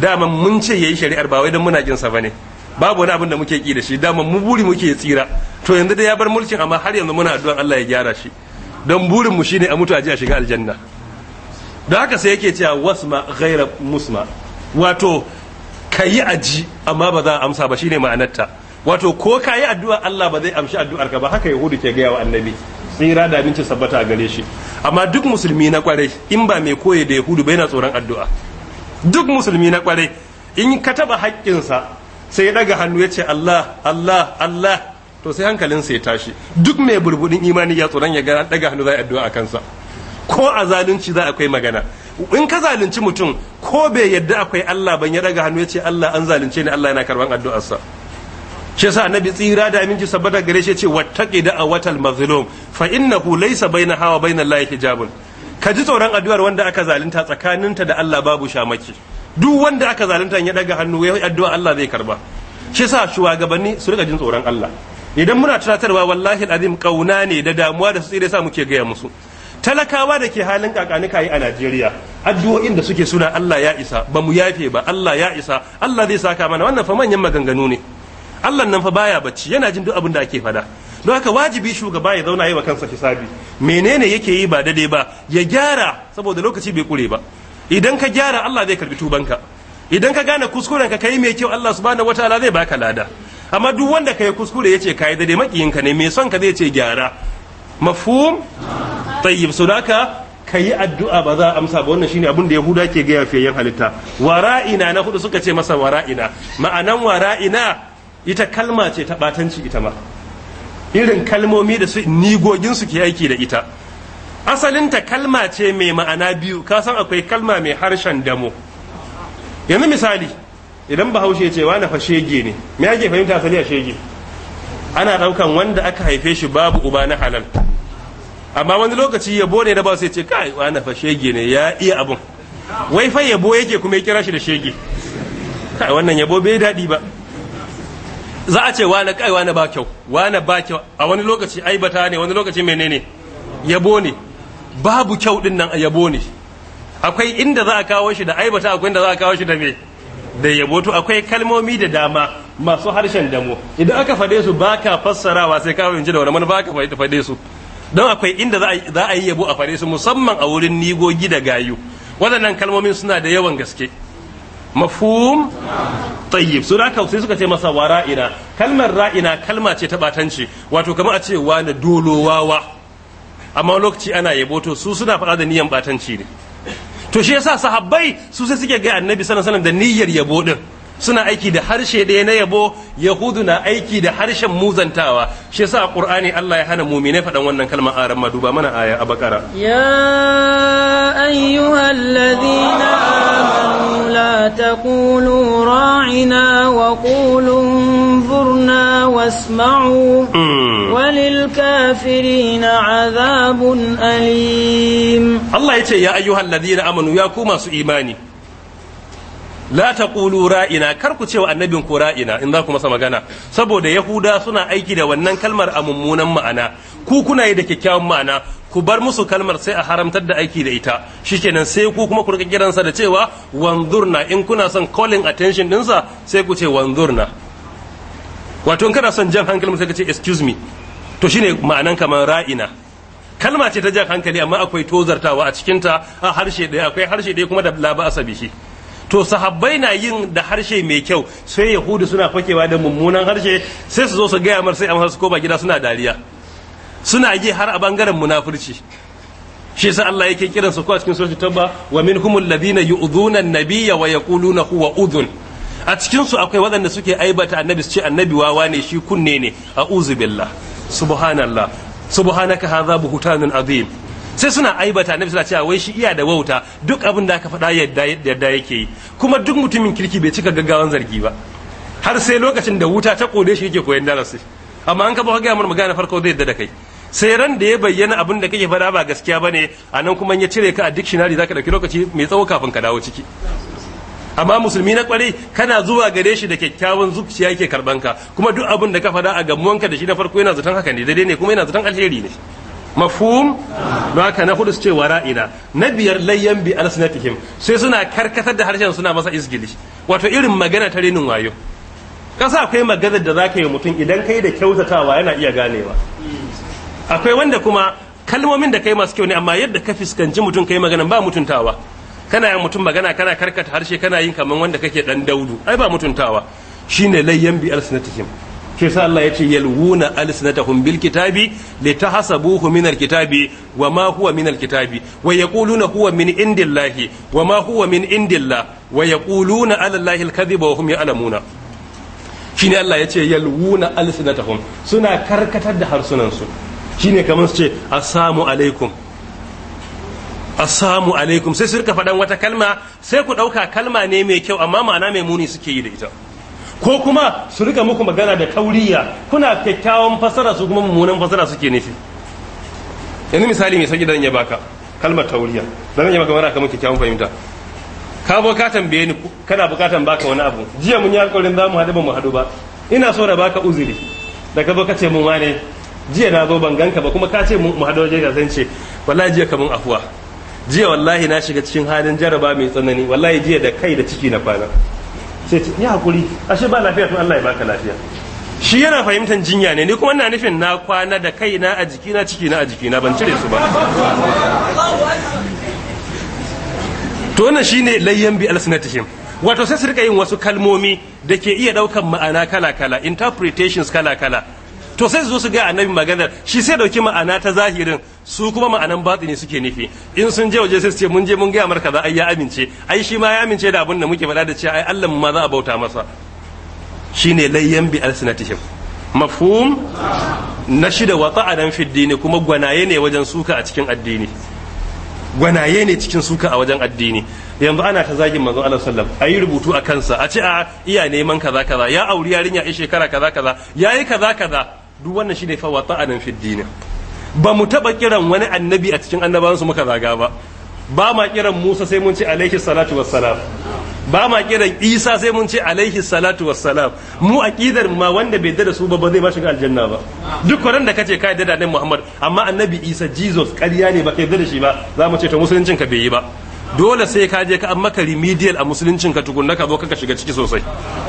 dama mun ce yayi shari'ar ba wai dan muna jin sa bane babu wani abin da muke ki da shi dama mu buri muke tsira to yanzu da ya bar mulkin amma har yanzu muna addu'an Allah ya gyara shi don burin mu shine a mutu a ji a shiga aljanna don haka sai yake cewa wasma ghaira musma wato kayi aji amma ba za a amsa ba shine ma'anarta wato ko ka yi addu'a Allah ba zai amshi addu'ar ka ba haka yahudu ke gaya wa annabi tsira da abincin sabbata a gare shi amma duk musulmi na kwarai in ba mai koyi da yahudu bai na tsoron addu'a duk musulmi na kwarai in ka taba haƙƙinsa sai ya daga hannu ya ce Allah Allah Allah to sai hankalin sai tashi duk mai burbudin imani ya tsoron ya ga daga hannu za a addu'a kansa ko a zalunci za akwai magana in ka zalunci mutum ko bai yadda akwai Allah ban ya daga hannu ya ce Allah an zalunce ni Allah yana karban addu'arsa shi yasa annabi tsira da aminci sabbata gare shi ce wattaqi da awatal mazlum fa innahu laysa bainaha wa bainal lahi hijabun ka ji tsoron addu'ar wanda aka zalunta tsakaninta da Allah babu shamaki duk wanda aka zalunta ya daga hannu ya addu'a Allah zai karba shi yasa shugabanni su riga jin tsoron Allah idan muna tunatarwa wallahi alazim kauna ne da damuwa da su ya sa muke gaya musu talakawa da ke halin kakanika yi a Najeriya addu'o'in da suke suna Allah ya isa ba mu yafe ba Allah ya isa Allah zai saka mana wannan fa manyan maganganu ne Allah nan fa baya bacci yana jin duk abin da ake fada don haka wajibi shugaba ya zauna yi wa kansa hisabi menene yake yi ba daidai ba ya gyara saboda lokaci bai kure ba idan ka gyara Allah zai karbi tubanka idan ka gane kuskuren ka kai mai kyau Allah subhanahu wataala zai baka lada amma duk wanda kai kuskure yace kai daidai ka ne mai son ka zai ce gyara mafhum tayyib so haka ka yi addu'a ba za a amsa ba wannan shine abin da yahuda ke gaya fiye halitta wara'ina na hudu suka ce masa wara'ina ma'anan wara'ina ita kalma ce ta batanci ita ma irin kalmomi da su nigogin su ke aiki da ita asalinta kalma ce mai ma'ana biyu kasan akwai kalma mai harshen damo yanzu misali idan bahaushe ce wani fa shege ne me ake fahimta asali a shege ana daukan wanda aka haife shi babu uba na halal amma wani lokaci yabo ne da ba sai ce kai wani fa shege ne ya iya abun wai fa yabo yake kuma ya kira shi da shege kai wannan yabo bai daɗi ba za a ce wane kai wane ba kyau wane ba kyau a wani lokaci aibata ne wani lokaci menene yabo ne babu kyau din nan a yabo ne akwai inda za a kawo shi da aibata akwai inda za a kawo shi da me da yabo to akwai kalmomi da dama masu harshen damo idan aka fade su baka fassarawa sai ka fahimci da wani manufa aka fade su don akwai inda za a yi yabo a fade su musamman a wurin nigogi da gayu waɗannan kalmomin suna da yawan gaske mafhum tayyib su raka sai suka ce masa wa ra'ina kalmar ra'ina kalma ce ta batanci wato kamar a ce na dolo wa amma lokaci ana yabo to su suna faɗa da niyan batanci ne to shi yasa sahabbai su sai suke ga annabi sallallahu alaihi da niyyar yabo din suna aiki da harshe ɗaya na yabo yahudu na aiki da harshen muzantawa shi yasa a qur'ani Allah ya hana mu'minai faɗan wannan kalmar aran ma duba mana aya a bakara ya ayyuhallazina amanu ولا تقولوا راعنا وقولوا انظرنا واسمعوا وللكافرين عذاب أليم الله يتي يا أيها الذين آمنوا يا كوما إيماني la ta ƙulu ra'ina kar ku ce wa annabin ko ra'ina in za ku masa magana saboda yahuda suna aiki da wannan kalmar a mummunan ma'ana ku kuna yi da kyakkyawan ma'ana ku bar musu kalmar sai a haramtar da aiki da ita shi shikenan sai ku kuma ku rika kiransa da cewa wanzurna in kuna son calling attention dinsa sai ku ce wanzurna wato in kana son jan hankali sai ka ce excuse me to shine ma'anan kamar ra'ina kalma ce ta jan hankali amma akwai tozartawa a cikin ta a harshe daya akwai harshe daya kuma da laba asabi shi to sahabbai na yin da harshe mai kyau sai yahudu suna fakewa da mummunan harshe sai su zo su gaya mar sai amsa su koma gida suna dariya suna yi har a bangaren munafurci shi sa Allah yake kiran su ko a cikin suratul tauba wa minhumul ladina yu'dhuna an-nabiyya wa yaquluna huwa udhun a cikin su akwai waɗanda suke aibata annabi su ce annabi wawa ne shi kunne ne a'udhu billah subhanallah subhanaka hadha buhtanun azim sai suna aibata annabi suna cewa wai shi iya da wauta duk abin da aka faɗa yadda yadda yake yi kuma duk mutumin kirki bai cika gaggawan zargi ba har sai lokacin da wuta ta kode shi yake koyon darasi amma an ka ba ga magana farko zai yadda da kai sai ran da ya bayyana abin da kake fada ba gaskiya ba ne a nan kuma ya cire ka a dictionary za ka ɗauki lokaci mai tsawo kafin ka dawo ciki amma musulmi na kwari kana zuwa gare shi da kyakkyawan zuciya yake karban ka kuma duk abin da ka fada a gamuwanka da shi na farko yana zaton haka ne daidai ne kuma yana zaton alheri ne mafhum don haka na hudu su ce wara'ina na biyar layyan bi alsinatihim sai suna karkatar da harshen suna masa isgilish wato irin magana ta renin wayo kasa akwai magana da zaka yi mutum idan kai da kyautatawa yana iya ganewa akwai wanda kuma kalmomin da kai masu kyau ne amma yadda ka fuskanci mutum kai magana ba mutuntawa kana yin mutum magana kana karkata harshe kana yin kaman wanda kake dan daudu ai ba mutuntawa shine layyan bi alsinatihim shi yasa Allah ya yalwuna alsinatahum bil kitabi litahasabuhu min al kitabi wa ma huwa min al kitabi wa yaquluna huwa min indillahi wa ma huwa min indillah wa yaquluna ala allahi al kadhiba wa hum ya'lamuna shine Allah yace yalwuna alsinatahum suna karkatar da harsunan su shine kamar su ce assalamu alaikum assalamu alaikum sai su rika faɗan wata kalma sai ku ɗauka kalma ne mai kyau amma ma'ana mai muni suke yi da ita ko kuma su rika muku magana da tauriya kuna kyakkyawan fasara su kuma mummunan fasara suke nufi yanzu misali mai sauki da zan baka kalmar tauriya da zan baka magana kamar kyakkyawan fahimta ka bo ka tambaye ni kana bukatan baka wani abu jiya mun yi alƙawarin za mu haɗu ba mu haɗu ba ina so na baka uzuri da ka ka ce mun wane jiya na zo ban ganka ba kuma ka ce mu hado je ka ce wallahi jiya kamun afuwa jiya wallahi na shiga cikin halin jaraba mai tsanani wallahi jiya da kai da ciki na kwana sai ce ya hakuri ashe ba lafiya to Allah ya baka lafiya shi yana fahimtar jinya ne ni kuma ina nufin na kwana da kaina a jikina cikina a jikina ban cire su ba to wannan shine layyan bi alsinatihim wato sai su rika yin wasu kalmomi da ke iya daukan ma'ana kala kala interpretations kala kala to sai su zo su ga annabi maganar shi sai dauki ma'ana ta zahirin su kuma ma'anan batini suke nufi in sun je waje sai su ce mun je mun ga mar kaza ai ya amince ai shi ma ya amince da abin da muke faɗa da cewa ai Allah ma za a bauta masa shine layyan bi alsinatihim mafhum na shida wa ta'adan fi dini kuma gwanaye ne wajen suka a cikin addini gwanaye ne cikin suka a wajen addini yanzu ana ta zagin manzon Allah wasallam ayi rubutu a kansa a ce a iya neman kaza kaza ya auri yarinya a shekara kaza kaza yayi kaza kaza duk wannan ne fa wa ta'anan fi ba mu taɓa kiran wani annabi a cikin su muka zaga ba ba ma kiran Musa sai mun ce alaihi salatu wassalam ba ma kiran Isa sai mun ce alaihi salatu wassalam mu aqidar ma wanda bai dada su ba ba zai ba shiga aljanna ba duk ran da kace ka yarda da Muhammad amma annabi Isa Jesus ƙarya ne ba kai yarda da shi ba za mu ce to musuluncin ka bai yi ba dole sai ka je ka an maka remedial a musuluncin ka tukunna ka zo ka shiga ciki sosai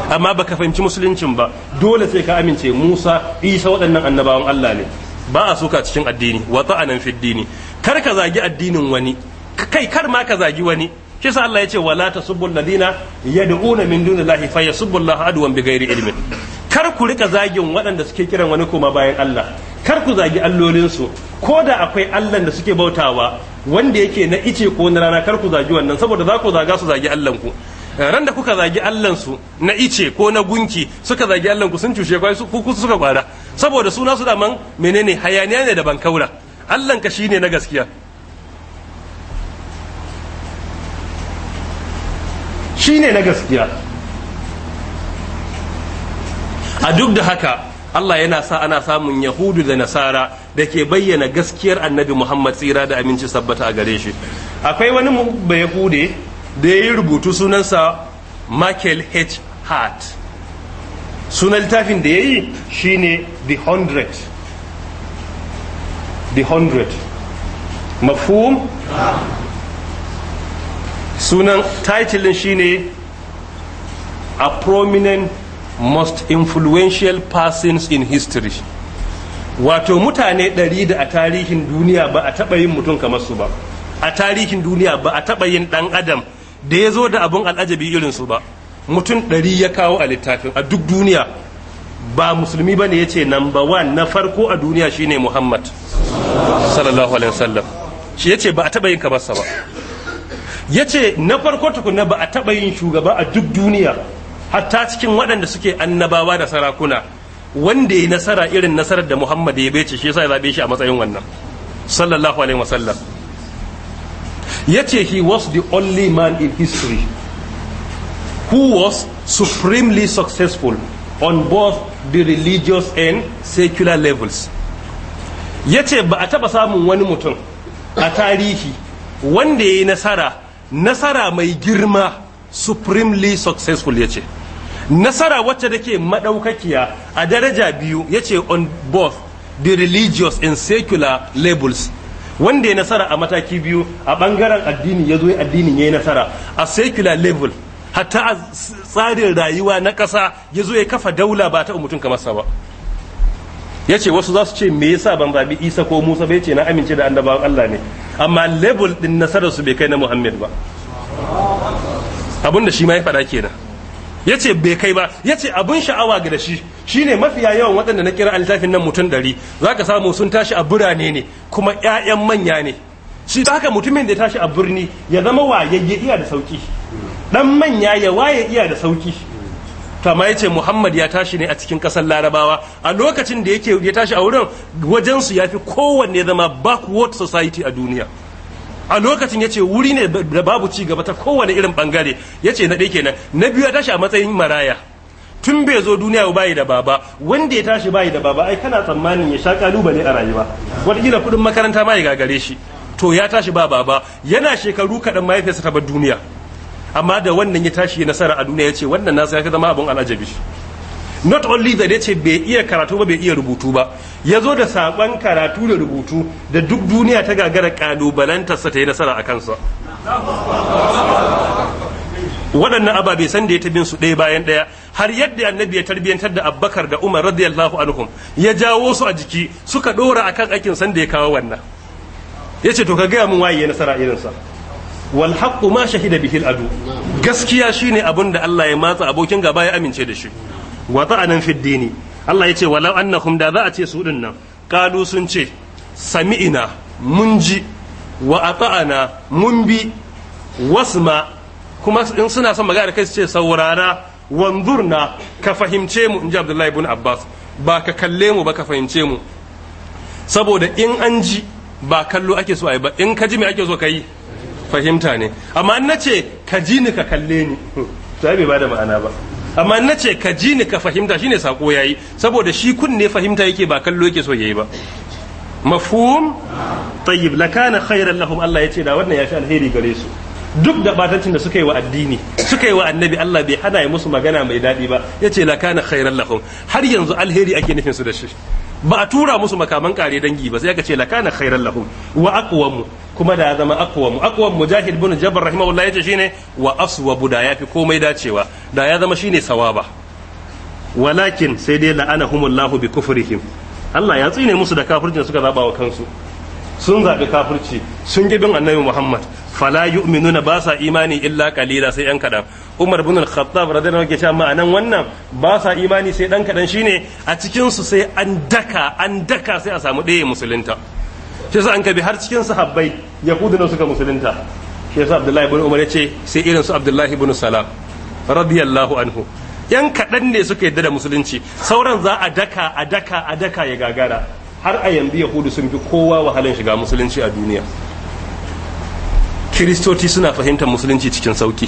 amma baka fahimci musuluncin ba dole sai ka amince Musa Isa waɗannan annabawan Allah ne ba a suka cikin addini wa ta'anan fi addini kar ka zagi addinin wani kai kar ma ka zagi wani shi sa Allah ya ce wala tasubbu ladina yad'una min dunillahi fa Allah adwan bighairi ilmin kar ku rika zagin waɗanda suke kiran wani kuma bayan Allah kar ku zagi allolinsu ko da akwai Allah da suke bautawa wanda yake na ice ko na rana kar ku zagi wannan saboda za ku zaga su zagi Allah eh, ran da kuka zagi Allah na ice ko na gunki suka zagi Allah sun cushe kwai su ku suka kwara saboda su da man menene hayaniya ne da bankaura Allah ka shine na gaskiya shine na gaskiya a duk da haka Allah yana sa ana samun Yahudu da Nasara da ke bayyana gaskiyar annabi muhammad tsira da aminci sabbata a gare shi akwai wani bayahude da ya yi rubutu sunansa michael h hart sunan littafin da ya yi shine the hundred the hundred mafum sunan titlin shine a prominent most influential persons in history wato mutane ɗari da a tarihin duniya ba a taɓa yin mutum kamar su ba a tarihin duniya ba a taɓa yin ɗan adam da ya zo da abin al'ajabi irin su ba mutum ɗari ya kawo a littafin a duk duniya ba musulmi ba ne ya ce namba wan na farko a duniya shine muhammad sallallahu alaihi wasallam shi ya ce ba a taɓa yin sa ba ya ce na farko tukuna ba a taɓa yin shugaba a duk duniya hatta cikin waɗanda suke annabawa da sarakuna wanda ya nasara irin nasarar da Muhammad ya bai shi yasa ya zabe shi a matsayin wannan sallallahu alaihi wasallam yace he was the only man in history who was supremely successful on both the religious and secular levels yace ba a taba samun wani mutum a tarihi wanda ya yi nasara nasara mai girma supremely successful yace nasara wacce da ke maɗaukakiya a daraja biyu ya ce on both the religious and secular labels wanda ya nasara a mataki biyu a ɓangaren addini ya zo addinin ya yi nasara a secular level hatta a tsarin rayuwa na ƙasa ya zo ya kafa daula ba ta umutun kamar sa ba ya ce wasu za su ce me yasa ban zabi isa ko musa bai ce na amince da annabawan allah ne amma level din nasarar su bai kai na muhammad ba abinda shi ma ya faɗa kenan ya ce bai kai ba ya ce abin sha'awa ga da shi ne mafiya yawan waɗanda na kira a littafin nan mutum ɗari za ka samu sun tashi a birane ne kuma 'ya'yan manya ne shi ta haka mutumin da ya tashi a birni ya zama wayayye iya da sauki ɗan manya ya waye iya da sauki kama ya ce muhammad ya tashi ne a cikin ƙasar larabawa a lokacin da yake ya tashi a wurin wajensu ya fi kowanne zama backward society a duniya a lokacin ya ce wuri ne da babu ci gaba ta kowane irin bangare ya na ɗaya kenan na biyu ya tashi a matsayin maraya tun bai zo duniya ba yi da baba wanda ya tashi ba yi da baba ai kana tsammanin ya sha kalubale a rayuwa wataƙila kuɗin makaranta ma ya gagare shi to ya tashi ba baba yana shekaru kaɗan mahaifiyarsa ta bar duniya amma da wannan ya tashi nasara a duniya ya ce wannan nasa ya zama abin al'ajabi not only that yace bai iya karatu ba bai iya rubutu ba ya zo da saban karatu da rubutu da duk duniya ta gagara kalubalantarsa ta yi nasara a kansa waɗannan ababe san da ya bin su ɗaya bayan ɗaya har yadda annabi ya tarbiyantar da abbakar da umar radiyallahu anhum ya jawo su a jiki suka ɗora akan aikin san da ya kawo wannan ya ce to ka gaya mun waye ya nasara irinsa wal haqqu ma shahida bihi al adu gaskiya shine abin da Allah ya matsa abokin gaba ya amince da shi wa ta'anan fid Allah ya ce walau annahum da za a ce su din nan kalu sun ce sami'ina mun ji wa ata'ana mun bi wasma kuma in suna son magana kai su ce saurara wanzurna ka fahimce mu inji Abdullahi ibn Abbas ba ka kalle mu ba ka fahimce mu saboda in an ji ba kallo ake so ayi ba in ka ji me ake so ka fahimta ne amma in nace ce ka ji ni ka kalle ni to bai ba da ma'ana ba amma na ce ka ji ni ka fahimta shine sako yayi saboda shi kunne fahimta yake ba kallo yake so yayi ba mafhum tayyib lakana khairan lahum Allah yace da wannan yafi alheri gare su duk da batancin da suka yi wa addini suka yi wa annabi Allah bai hana musu magana mai daɗi ba yace lakana khairan lahum har yanzu alheri ake nufin su da shi ba a tura musu makaman kare dangi ba sai aka ce lakana khairan lahum wa aqwamu kuma da ya zama aqwam aqwam mujahid bin jabr rahimahullah yace shine wa aswabu da yafi komai dacewa da ya zama shine sawaba walakin sai dai la'anahumullahu bi kufrihim Allah ya tsine musu da kafircin suka zaba wa kansu sun zabi kafirci sun ki bin annabi Muhammad fala yu'minuna ba sa imani illa qalila sai yan kadan Umar bin al-Khattab radiyallahu anhu ya ma'anan wannan ba sa imani sai dan kadan shine a cikin su sai an daka an daka sai a samu ɗaya musulunta shi yasa an kabi har cikin sahabbai yahudu ne suka musulunta shi yasa abdullahi ibn umar yace sai irin su abdullahi ibn salam radiyallahu anhu yan kaɗan ne suka yadda da musulunci sauran za a daka a daka a daka ya gagara har a yanzu yahudu sun fi kowa wahalan shiga musulunci a duniya kiristoci suna fahimtar musulunci cikin sauki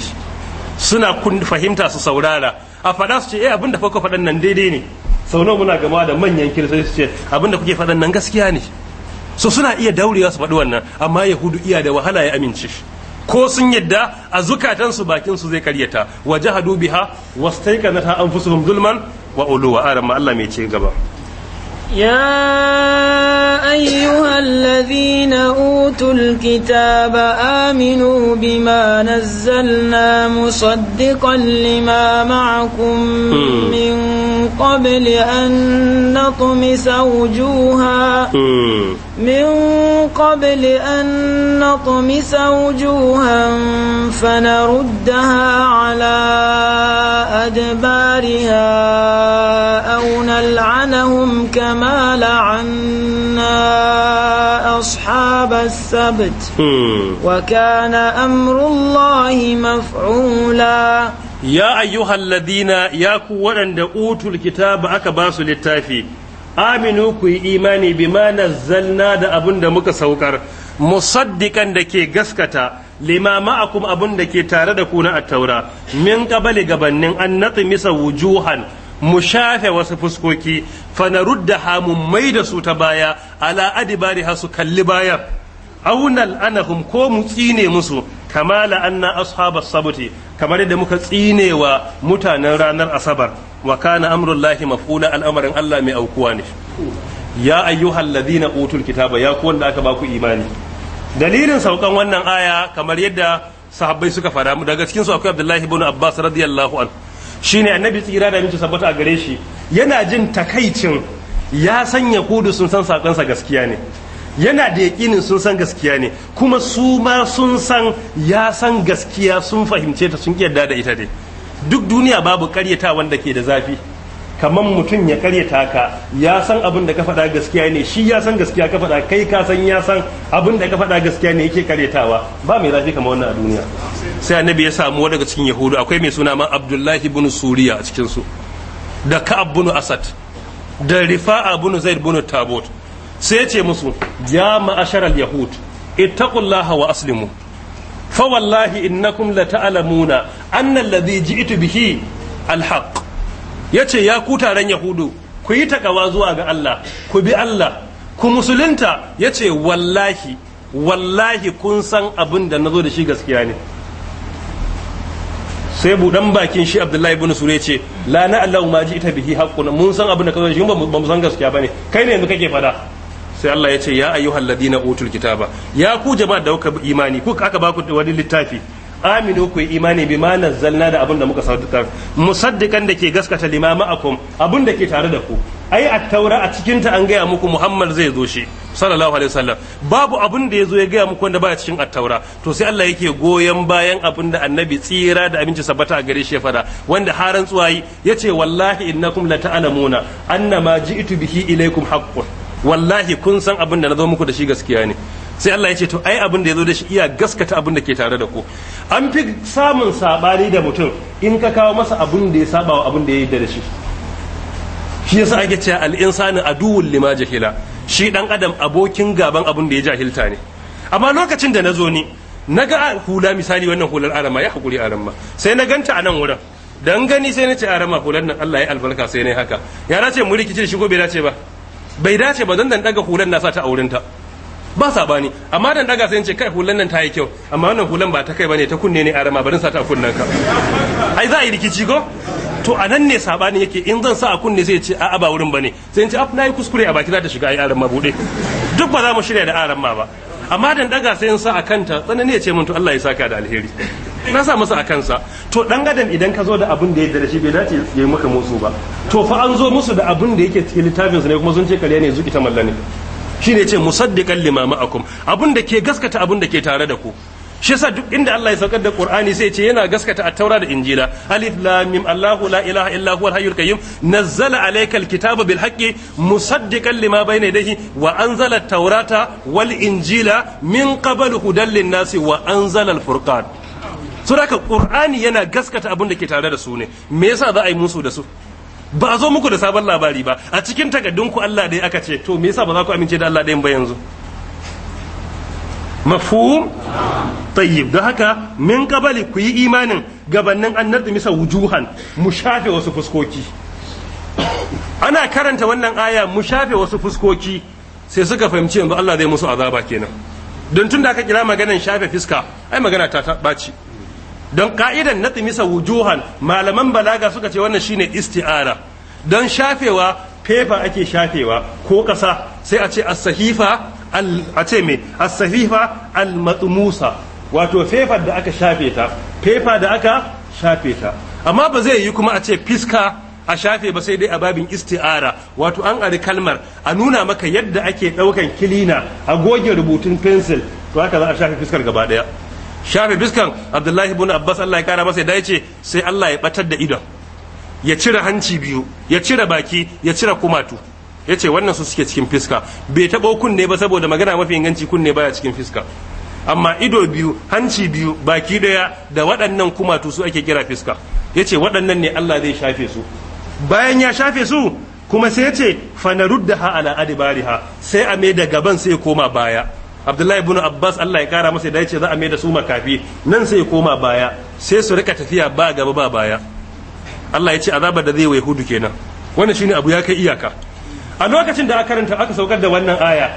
suna fahimta su saurara a faɗa su ce eh abinda fa ka faɗan nan daidai ne sau nawa muna gama da manyan kiristoci su ce abinda kuke faɗan nan gaskiya ne so suna iya daurewa su faɗi wannan amma yahudu iya da wahala ya amince ko sun yadda a zukatansu bakin su zai karyata wa jahadu biha wastaiqanata anfusuhum zulman wa uluwa arama Allah mai ce gaba ya أيها الذين أوتوا الكتاب آمنوا بما نزلنا مصدقا لما معكم من قبل أن نطمس وجوها من قبل أن نطمس وجوها فنردها على أدبارها أو نلعنهم كما لعنا أصحاب السبت وكان أمر الله مفعولا يا أيها الذين يا ورند أوتوا الكتاب أكباس للتافي aminu ku yi imani bima nazzalna da abun da muka saukar musaddiqan da ke gaskata lima ma'akum abin da ke tare da ku na attaura min qabali gabannin an natmisa wujuhan mu shafe wasu fuskoki fa narudda hamun mai da su ta baya ala bari ha su kalli bayan aunal anahum ko mu tsine musu kama la'anna ashabas sabuti kamar yadda muka tsinewa mutanen ranar asabar wa kana lahi mafula al'amarin Allah mai aukuwa ne ya ayyuhal ladina utul kitaba ya ku wanda aka ba ku imani dalilin saukan wannan aya kamar yadda sahabbai suka fara mu daga cikin su akwai Abdullahi ibn Abbas radiyallahu an shine annabi tsira da minci sabbata a gare shi yana jin takaicin ya sanya kudu sun san sakansa gaskiya ne yana da yakinin sun san gaskiya ne kuma su ma sun san ya san gaskiya sun fahimce ta sun yarda da ita dai duk duniya babu karyata wanda ke da zafi kamar mutum ya karyata ka ya san abin da ka faɗa gaskiya ne shi ya san gaskiya ka faɗa kai ka san ya san abin da ka faɗa gaskiya ne yake karyatawa ba mai zafi kamar wannan a duniya sai annabi ya samu daga cikin yahudu akwai mai suna ma abdullahi bin suriya a cikin su da ka'ab bin asad da rifa'a bin zaid bin tabot sai ya ce musu ya ma'ashar al-yahud ittaqullaha wa aslimu fa wallahi innakum lata'lamuna anna alladhi ji'tu bihi alhaq yace ya ku taren yahudu ku yi takawa zuwa ga Allah ku bi Allah ku musulunta yace wallahi wallahi kun san abin da nazo da shi gaskiya ne sai budan bakin shi abdullahi ibn sure ce la na allahu ma ji ita bihi haqqun mun san abin da kazo shi ba mu san gaskiya bane kai ne yanzu kake fada sai Allah ya ce ya ayyuhal ladina utul kitaba ya ku jama'a da kuka imani ku aka ba ku wani littafi aminu ku imani bi ma nazzalna da abin da muka saukar musaddiqan da ke gaskata limama akum abin ke tare da ku ai at-taura a cikin ta an gaya muku Muhammad zai zo shi sallallahu alaihi wasallam babu abin da yazo ya gaya muku wanda baya cikin at-taura to sai Allah yake goyen bayan abin da annabi tsira da abinci sabbata a gare shi ya fada wanda haran tsuwayi yace wallahi innakum lata'lamuna annama ji'tu bihi ilaikum haqqun wallahi kun san abin da na zo muku da shi gaskiya ne sai Allah ya ce to ai abin da ya zo da shi iya gaskata abin da ke tare da ku an fi samun sabani da mutum in ka kawo masa abin da ya saba wa abin da ya yi da shi shi yasa ake cewa al-insanu aduwwul lima jahila shi dan adam abokin gaban abin da ya jahilta ne amma lokacin da na zo ni na ga hula misali wannan hular arama ya hakuri arama sai na ganta a nan wurin dan gani sai na ce arama hular nan Allah ya albarka sai na haka ya ce mu rikice shi ko bai dace ba bai dace ba don dan daga hulan na sa ta ta ba sabani amma dan daga sai in ce kai hulan nan ta yi kyau amma wannan hulan ba ta kai bane ta kunne ne a rama barin sa ta kunnen ka ai za a yi rikici ko to a nan ne sabani yake in zan sa a kunne sai ya ce a'a ba wurin bane sai in ce af nayi kuskure a baki za ta shiga ai arama bude duk ba za mu shirya da arama ba amma dan daga sai in sa a kanta tsanani ya ce mun to Allah ya saka da alheri na sa masa a kansa to dan gadan idan ka zo da abin da ya da shi bai dace ya yi maka musu ba to fa an zo musu da abin da yake cikin littafin su ne kuma sun ce kare ne zuki ta mallane shine ce musaddiqan lima ma'akum abin da ke gaskata abin da ke tare da ku shi yasa duk inda Allah ya saukar da Qur'ani sai ce yana gaskata a taura da Injila alif lam mim Allahu la ilaha illa huwa al-hayyul qayyum nazzala alayka al-kitaba bil haqqi musaddiqan lima bayna yadayhi wa anzala at-taurata wal injila min qablu hudan lin-nasi wa anzala al-furqan so da ƙur'ani yana gaskata abin da ke tare da su ne me yasa za a yi musu da su ba a zo muku da sabon labari ba a cikin ku Allah ɗaya aka ce to me yasa ba za ku amince da Allah dai ba yanzu mafhum tayyib da haka min qabali ku yi imanin gabanin an misa wujuhan mu shafe wasu fuskoki ana karanta wannan aya mu shafe wasu fuskoki sai suka fahimci yanzu Allah zai musu azaba kenan don tun da aka kira maganan shafe fiska ai magana ta ɓaci don ka'idan na tumisa wujuhan malaman balaga suka ce wannan shine isti'ara don shafewa fefa ake shafewa ko kasa sai a ce as-sahifa a ce me as-sahifa al-matmusa wato fefa da aka shafe ta fefa da aka shafe ta amma ba zai yi kuma a ce fiska a shafe ba sai dai a babin isti'ara wato an ari kalmar a nuna maka yadda ake daukan kilina a goge rubutun pencil to haka za a shafe fiskar gaba daya shafe biskan abdullahi ibn abbas Allah ya kara masa ya dace sai Allah ya batar da idon ya cire hanci biyu ya cire baki ya cire kumatu yace wannan su suke cikin fiska bai taɓo kunne ba saboda magana mafi inganci kunne baya cikin fiska amma ido biyu hanci biyu baki daya da waɗannan kumatu su ake kira fiska yace waɗannan ne Allah zai shafe su bayan ya shafe su kuma sai yace ce ha ala adibariha sai a mai da gaban sai koma baya abdullahi ibn abbas allah ya kara masa da ya za a mai da su makafi nan sai ya koma baya sai su rika tafiya ba gaba ba baya allah ya ce azabar da zai wa yahudu kenan wannan shine abu ya kai iyaka a lokacin da aka karanta aka saukar da wannan aya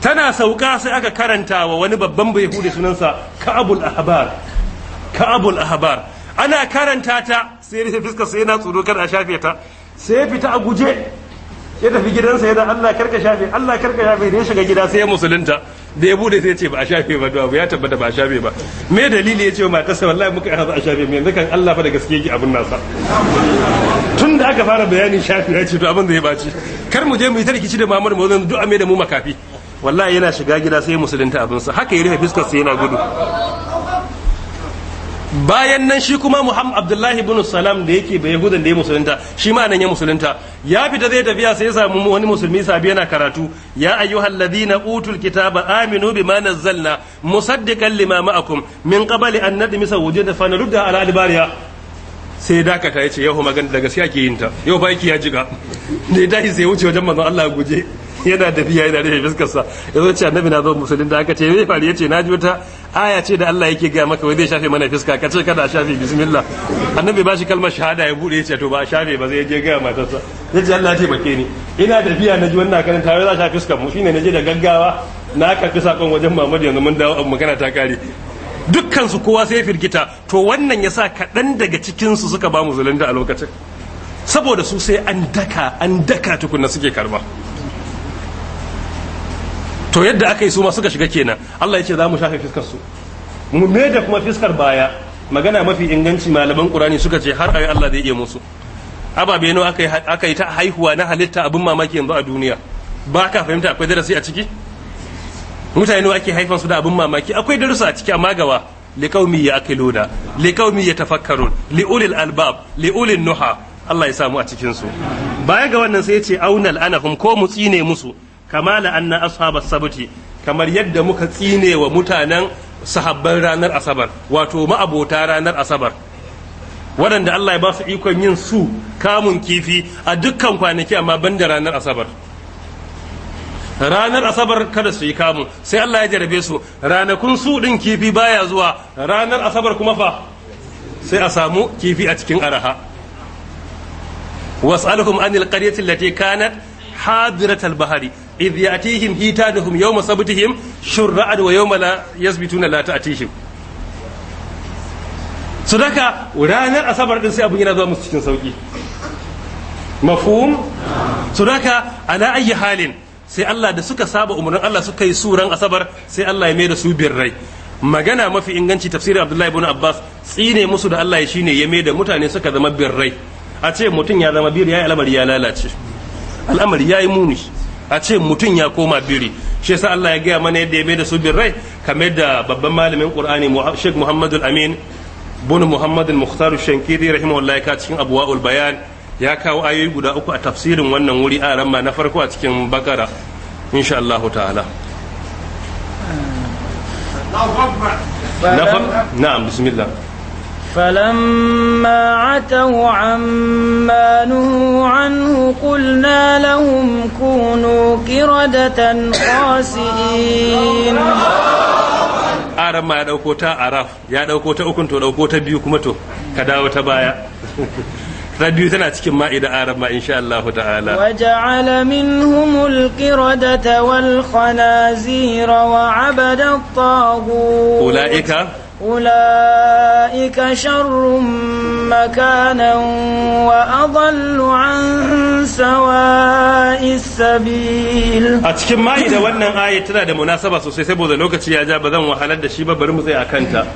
tana sauka sai aka karanta wa wani babban bai hude sunansa ka'abul ahbar ka'abul ahbar ana karanta ta sai rufe fuska sai yana tsoro kar a shafe ta sai fita a guje ya tafi gidansa yana Allah karka shafe Allah karka shafe ne shiga gida sai ya musulunta da ya bude sai ce ba a shafe ba da ya tabbata ba a shafe ba me dalili ya ce wa matarsa wallahi muka haza a shafe yanzu kan Allah fa da gaske yake abin nasa tun da aka fara bayanin shafe ya ce to abin da ya baci kar mu je mu yi ta rikici da mamar mu zan du'a mai da mu makafi wallahi yana shiga gida sai musulunta abin sa haka ya rufe fuskar sa yana gudu bayan nan shi kuma muhammad abdullahi bin salam da yake bai yahudan da ya musulunta shi ma nan ya musulunta ya fita zai tafiya sai ya samu wani musulmi sabi yana karatu ya ayyuhal na utul kitaba aminu bima nazzalna musaddiqan lima ma'akum min qabli an nadmisa wujudan fa narudda ala adbariya sai dakata yace yau magana da gaskiya ke yinta ta yau ba ya jiga da ya sai wuce wajen manzon Allah guje yana tafiya yana rufe fuskarsa ya zo ce annabi na zo musulun da aka ce zai faru ya ce na jota a aya ce da Allah yake ga maka wai zai shafe mana fuska ka ce kada a shafe bismillah annabi ba shi kalmar shahada ya bude ya ce to ba a shafe ba zai je ga matarsa ya ce Allah ya taimake ni ina tafiya na ji wannan karanta wai za a shafe fuskar mu shine na je da gaggawa na karbi sakon wajen Muhammad yanzu mun dawo abu magana ta kare dukkansu kowa sai firgita to wannan yasa kaɗan daga cikinsu suka ba mu zulunta a lokacin saboda su sai an daka an daka tukunna suke karba to yadda aka yi su ma suka shiga kenan Allah ya ce za mu shafe fiskar su mu me da kuma fiskar baya magana mafi inganci malaman Qur'ani suka ce har ayi Allah zai iya musu ababe nawa aka yi aka yi ta haihuwa na halitta abin mamaki yanzu a duniya ba ka fahimta akwai darasi a ciki mutane ake haifan su da abin mamaki akwai darasi a ciki amma gawa qaumi yaqiluna tafakkarun yatafakkarun ulil albab li ulil nuha Allah ya samu a cikin su baya ga wannan sai ya ce aunal anahum ko mu tsine musu kama la'anna ashabas Sabuti kamar yadda muka tsine wa mutanen sahabban ranar asabar wato ma'abota ranar asabar waɗanda Allah ya ba su ikon yin su kamun kifi a dukkan kwanaki amma ban da ranar asabar ranar asabar kada su yi kamun sai Allah ya jarabe su ranakun su ɗin kifi baya zuwa ranar asabar kuma fa sai a samu kifi a cikin araha wasu anil qaryati allati kanat hadiratal bahari idh ya'tihim hitanuhum yawma sabtihim shur'an wa yawma la yasbituna la ta'tihim so daka ranar asabar din sai abun yana zuwa musu cikin sauki mafhum so daka ala halin sai Allah da suka saba umarnin Allah suka yi suran asabar sai Allah ya mai da su birrai magana mafi inganci tafsirin Abdullahi ibn Abbas tsine musu da Allah ya shine ya mai da mutane suka zama birrai a ce mutum ya zama bir yayi al'amari ya lalace al'amari yayi muni a ce mutum ya koma biri shi yasa Allah ya gaya mana yadda ya da su rai kamar da babban malamin Qur'ani Sheikh Muhammad Al-Amin bin Muhammad Al-Mukhtar Shankiri rahimahullah ka cikin Abwaul Bayan ya kawo ayoyi guda uku a tafsirin wannan wuri a ramma na farko a cikin Bakara insha Allah ta'ala na'am bismillah فلما عتوا عما نهوا عنه قلنا لهم كونوا قردة خاسئين aran ma ya ɗauko ta araf ya ɗauko ta ukun to dauko ta biyu kuma to ka dawo ta baya ta biyu tana cikin ma'ida arab ma insha allahu ta'ala wa ja'ala minhumul qiradata wal khanazira wa abada at-taghut ulaika أولئك شر مكانا وأضل عن سواء السبيل a cikin mahi wannan aya tana da munasaba sosai saboda lokaci ya ja ba zan wahalar da shi ba bari mu a kanta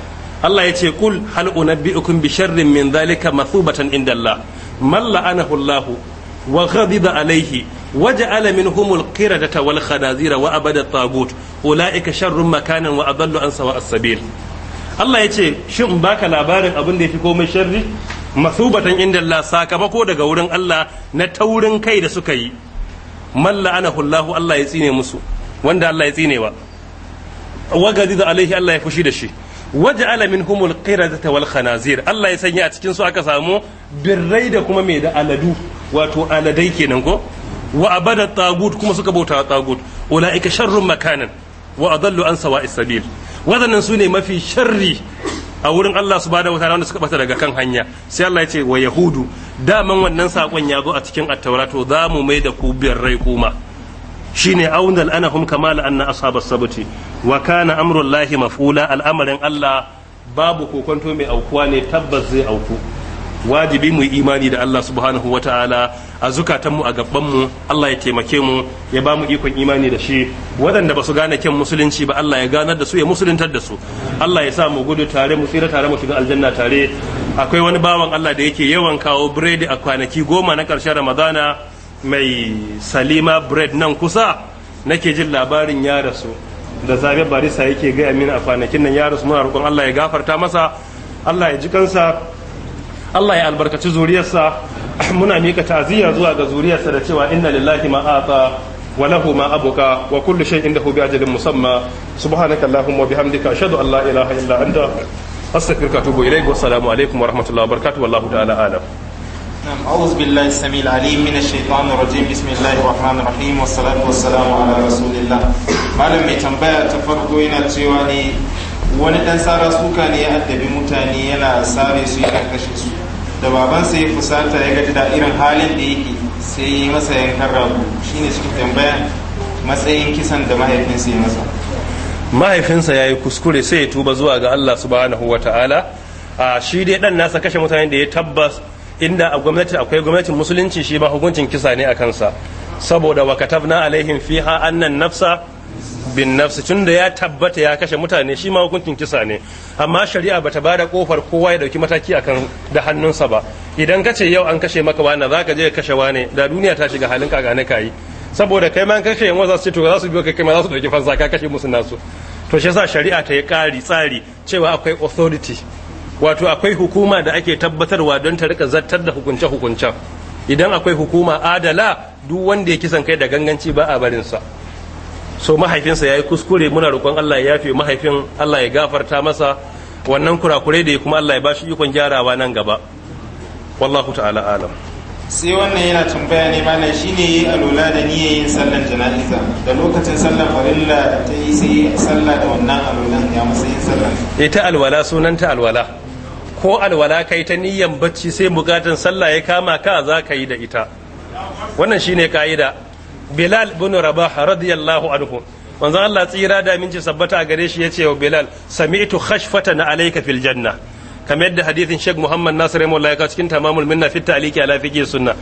Allah ya ce kul hal unabbi'ukum bi sharrin min dhalika mathubatan inda Allah man la'anahu Allah wa ghadiba alayhi wa ja'ala minhumul qiradata wal khanazira wa abada tagut ulaika sharrun makanan wa adallu an sawa as-sabil Allah ya ce shin baka labarin abin da yafi komai sharri masubatan inda Allah sakamako daga wurin Allah na taurin kai da suka yi man la'anahu Allah Allah ya tsine musu wanda Allah ya tsinewa wa da alaihi Allah ya fushi da shi Waje waj'ala minhumul qiradata wal khanazir Allah ya sanya a cikin su aka samu birrai da kuma mai da aladu wato aladai kenan ko wa abada tagut kuma suka bauta tagut ulaika sharrun makanan wa adallu an sawa'is sabil wadannan su ne mafi sharri a wurin Allah subhanahu wataala wanda suka bata daga kan hanya sai Allah ya ce wa yahudu daman wannan sakon ya zo a cikin at to za mu mai da ku birrai kuma Shi shine aunal anahum kama la'anna ashabas sabti wa kana amrullahi maf'ula al'amarin Allah babu kokonto mai aukuwa ne tabbas zai auku wajibi mu imani da Allah subhanahu wa ta'ala a zukatanmu a gabanmu Allah ya taimake mu ya ba mu ikon imani da shi waɗanda ba su gane kyan musulunci ba Allah ya ganar da su ya musuluntar da su Allah ya sa mu gudu tare mu tsira tare mu shiga aljanna tare akwai wani bawan Allah da yake yawan kawo biredi a kwanaki goma na ƙarshen Ramadana mai salima bread nan kusa nake jin labarin ya rasu da zabe barisa yake gaya min a kwanakin nan ya rasu muna roƙon Allah ya gafarta masa Allah ya ji kansa Allah ya albarkaci zuriyarsa muna mika ta'aziyya zuwa ga zuriyarsa da cewa inna lillahi ma ata wa lahu ma abuka wa kullu shay'in indahu bi ajalin musamma subhanaka allahumma wa bihamdika ashhadu an la ilaha illa anta astaghfiruka wa atubu ilaik wa assalamu alaikum wa rahmatullahi wa barakatuh wallahu ta'ala alam نعم أعوذ بالله السميع العليم من الشيطان الرجيم بسم الله الرحمن الرحيم والصلاة والسلام على رسول الله malam mai tambaya ta farko yana cewa wani dan sara ne ya addabi mutane yana sare su kashe su da babansa ya fusata ya gaji da irin halin da yake sai yi masa yankan kisan da mahaifinsa ya kuskure sai ya tuba zuwa ga Allah subhanahu a shi dai dan nasa kashe mutane da ya tabbas inda a gwamnati akwai gwamnatin musulunci shi ma hukuncin kisa ne a kansa saboda wa katabna alaihim fiha annan nafsa bin nafsi tun da ya tabbata ya kashe mutane shi ma hukuncin kisa ne amma shari'a bata ba da kofar kowa ya dauki mataki akan da hannunsa ba idan ka ce yau an kashe maka wani za ka je ka kashe wani da duniya ta shiga halin ne kai saboda kai ma kashe yan za su ce to za su biyo kai ma za su dauki fansa ka kashe musu nasu to shi yasa shari'a ta yi kari tsari cewa akwai authority wato akwai hukuma da ake tabbatarwa don ta rika zartar da hukunce hukuncen idan akwai hukuma adala duk wanda ya kisan kai da ganganci ba a barinsa so mahaifinsa ya yi kuskure muna roƙon Allah ya yafe mahaifin Allah ya gafarta masa wannan kurakurai da ya kuma Allah ya bashi ikon gyarawa nan gaba wallahu ta'ala alam sai wannan yana tambaya ne malam shine a lura da niyyar yin sallar jana'iza da lokacin sallar farilla ta yi sai sallah da wannan alolan ya masa yin sallar ita alwala sunanta alwala ko alwala kai ta niyyan bacci sai bukatan sallah ya kama ka za ka yi da ita wannan shi ne ka'ida bilal bin rabah radiyallahu anhu manzo Allah tsira da minci sabbata a gare shi yace wa bilal sami'tu khashfatan alayka fil janna kamar yadda hadithin Sheikh Muhammad Nasir Rahimahullah ya cikin tamamul minna fit ta'liqi ala fiqh sunna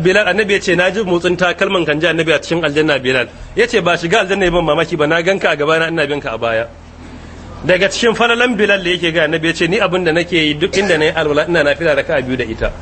Bilal annabi yace naji motsin takalman kan annabi a cikin aljanna Bilal yace ba shiga aljanna ban mamaki ba na gan ka a gaba na ina ka a baya daga cikin falalan bilal da yake ga annabi ya ce ni abin da nake yi duk inda na yi alwala ina nafila raka'a biyu da ita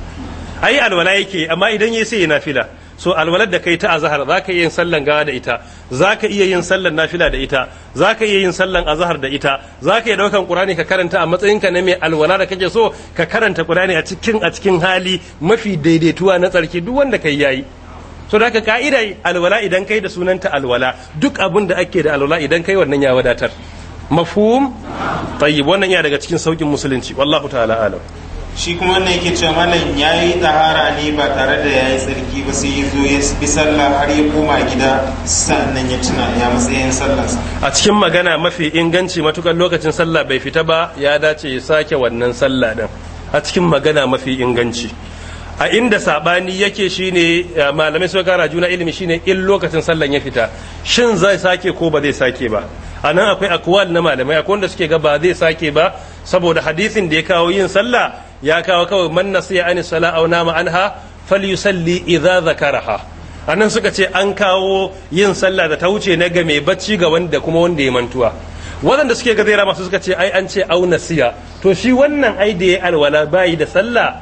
ai alwala yake amma idan ya sai nafila so alwalar da kai ta azhar zaka iya yin sallan gawa da ita zaka iya yin sallan nafila da ita zaka iya yin sallan azhar da ita zaka iya daukan qur'ani ka karanta a matsayin ka na mai alwala da kake so ka karanta qur'ani a cikin a cikin hali mafi daidaituwa na tsarki duk wanda kai yayi so da ka ka'ida alwala idan kai da sunanta alwala duk abin da ake da alwala idan kai wannan ya wadatar mafhum tayyib wannan yana daga cikin saukin musulunci wallahu ta'ala alam shi kuma wannan yake cewa malam yayi tahara ne ba tare da yayi tsarki ba sai ya zo ya bi sallah har ya koma gida sannan ya tuna ya matsayin sallarsa a cikin magana mafi inganci matukar lokacin sallah bai fita ba ya dace ya sake wannan sallah din a cikin magana mafi inganci a inda sabani yake shine eh, malamai suka kara juna ilimi shine in lokacin sallan ya fita shin zai sake ko ba zai sake ba Anan akwai akwal na malamai akwai wanda suke ga ba zai sake ba saboda hadisin da ya kawo yin sallah ya kawo kawai man nasiya ani sala aw nama anha falyusalli idza zakaraha a nan suka ce an kawo yin sallah da ta wuce na ga mai bacci ga wanda kuma wanda ya mantuwa waɗanda suke ga zaira masu suka ce ai an ce au nasiya to shi wannan ai da ya alwala bayi da sallah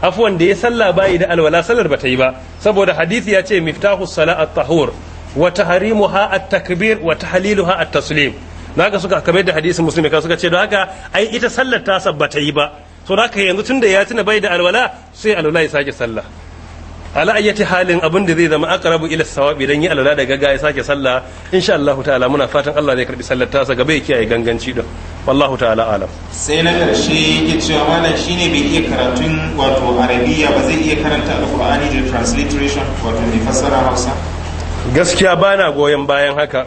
afwan da ya sallah bayi da alwala sallar ba ta yi ba saboda hadisi ya ce miftahu salat at-tahur wa tahrimuha at-takbir wa tahliluha at-taslim naga suka kamar da hadisin muslimi kan suka ce don haka ai ita sallar ta sabbata yi ba so haka yanzu tunda ya tuna bai da alwala sai alwala ya sake sallah ala ayyati halin abin da zai zama aqrabu ila sawabi dan yi alwala da gaga ya sake sallah insha Allah ta'ala muna fatan Allah zai karbi sallar tasa gaba ya kiyaye ganganci da wallahu ta'ala alam sai na karshe yake cewa malam shine bai iya karatun wato arabiya ba zai iya karanta alqur'ani da transliteration wato mai fassara Hausa gaskiya ba na goyon bayan haka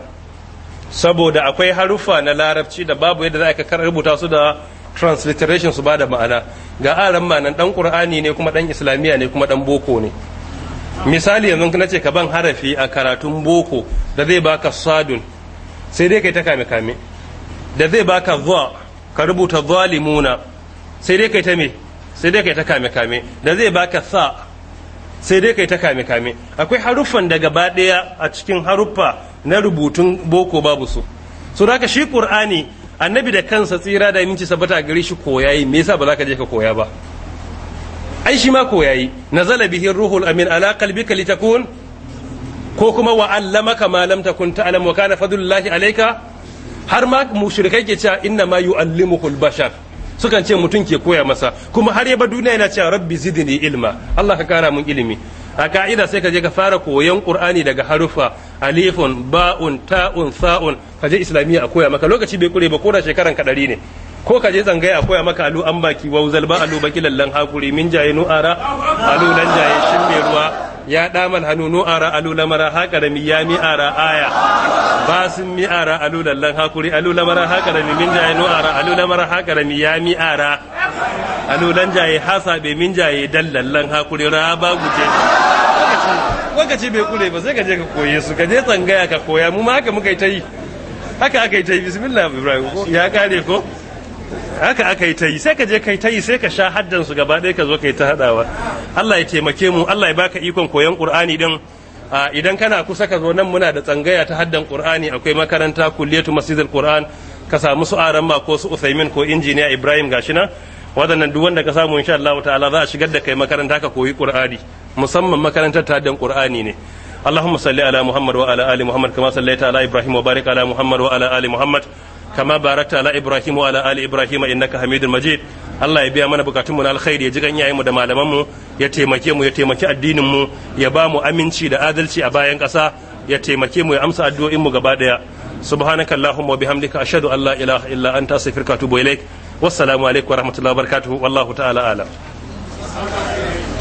saboda akwai haruffa na larabci da babu yadda za a ka rubuta su da transliteration su ba da ma'ana ga aran ma'anan dan kur'ani ne kuma dan islamiyya ne kuma dan boko ne misali yanzu na ce ka ban harafi a karatun boko da zai baka sadun sai dai kai ta kame kame da zai baka zuwa ka rubuta zalimuna sai dai kai ta me sai dai kai ta kame kame da zai baka sa sai dai kai ta kame kame akwai haruffan da gaba ɗaya a cikin haruffa na rubutun boko babu su so da shi qur'ani annabi da kansa tsira da minci sabata gare shi koyayi me yasa ba za ka je ka koya ba ai shi ma koyayi nazala bihi ruhul amin ala qalbika litakun ko kuma wa allamaka ma lam takun ta'lam wa kana fadlullahi alayka har ma mushrikai ke cewa inna ma yu'allimuhul bashar sukan ce mutum ke koya masa kuma har yaba duniya yana cewa rabbi zidni ilma Allah ka kara mun ilimi a ka'ida sai ka je ka fara koyon qur'ani daga harufa alifun ba'un ta'un sa'un ka je islamiyya a koya maka lokaci bai kure ba ko da shekaran ka ɗari ne ko ka je tsangaya koya maka alu an baki wa zalba alu baki lallan hakuri min jaye nu ara alu nan jaye shin mai ruwa ya damal hannu nu ara alu lamara mi ya mi ara aya basin mi ara alu lallan hakuri alu lamara mi min jaye nu ara alu lamara mi ya mi ara alu lan jaye hasa be min jaye dallallan hakuri ba guje lokaci bai kure ba sai ka je ka koye su ka je tsangaya ka koya mu ma haka muka yi ta yi haka aka yi ta yi bismillah ibrahim ya kare ko haka aka yi ta yi sai ka je kai ta yi sai ka sha haddan su gaba ɗaya ka zo kai ta hadawa Allah ya taimake mu Allah ya baka ikon koyon Qur'ani din idan kana kusa ka zo nan muna da tsangaya ta haddan Qur'ani akwai makaranta kulliyatu masjidil Qur'an ka samu su aran ma ko su Uthaymin ko injiniya Ibrahim gashi nan wadannan duk wanda ka samu insha Allah ta'ala za a shigar da kai makaranta ka koyi Qur'ani musamman makarantar ta haddan Qur'ani ne allahumma Muhammad wa ala ali Muhammad kama sallaita ala Ibrahim wa barik ala Muhammad wa ala ali Muhammad kama barakta ala ibrahim wa ala ali ibrahim innaka hamidul majid Allah ya biya mana bukatun mu na alkhairi ya ji ganyayen mu da malaman mu ya taimake mu ya taimaki addinin mu ya ba mu aminci da adalci a bayan ƙasa ya taimake mu ya amsa addu'o'in mu gaba daya subhanaka allahumma wa bihamdika ashhadu an la ilaha illa anta astaghfiruka wa atubu ilaik wassalamu alaikum wa rahmatullahi wallahu ta'ala alam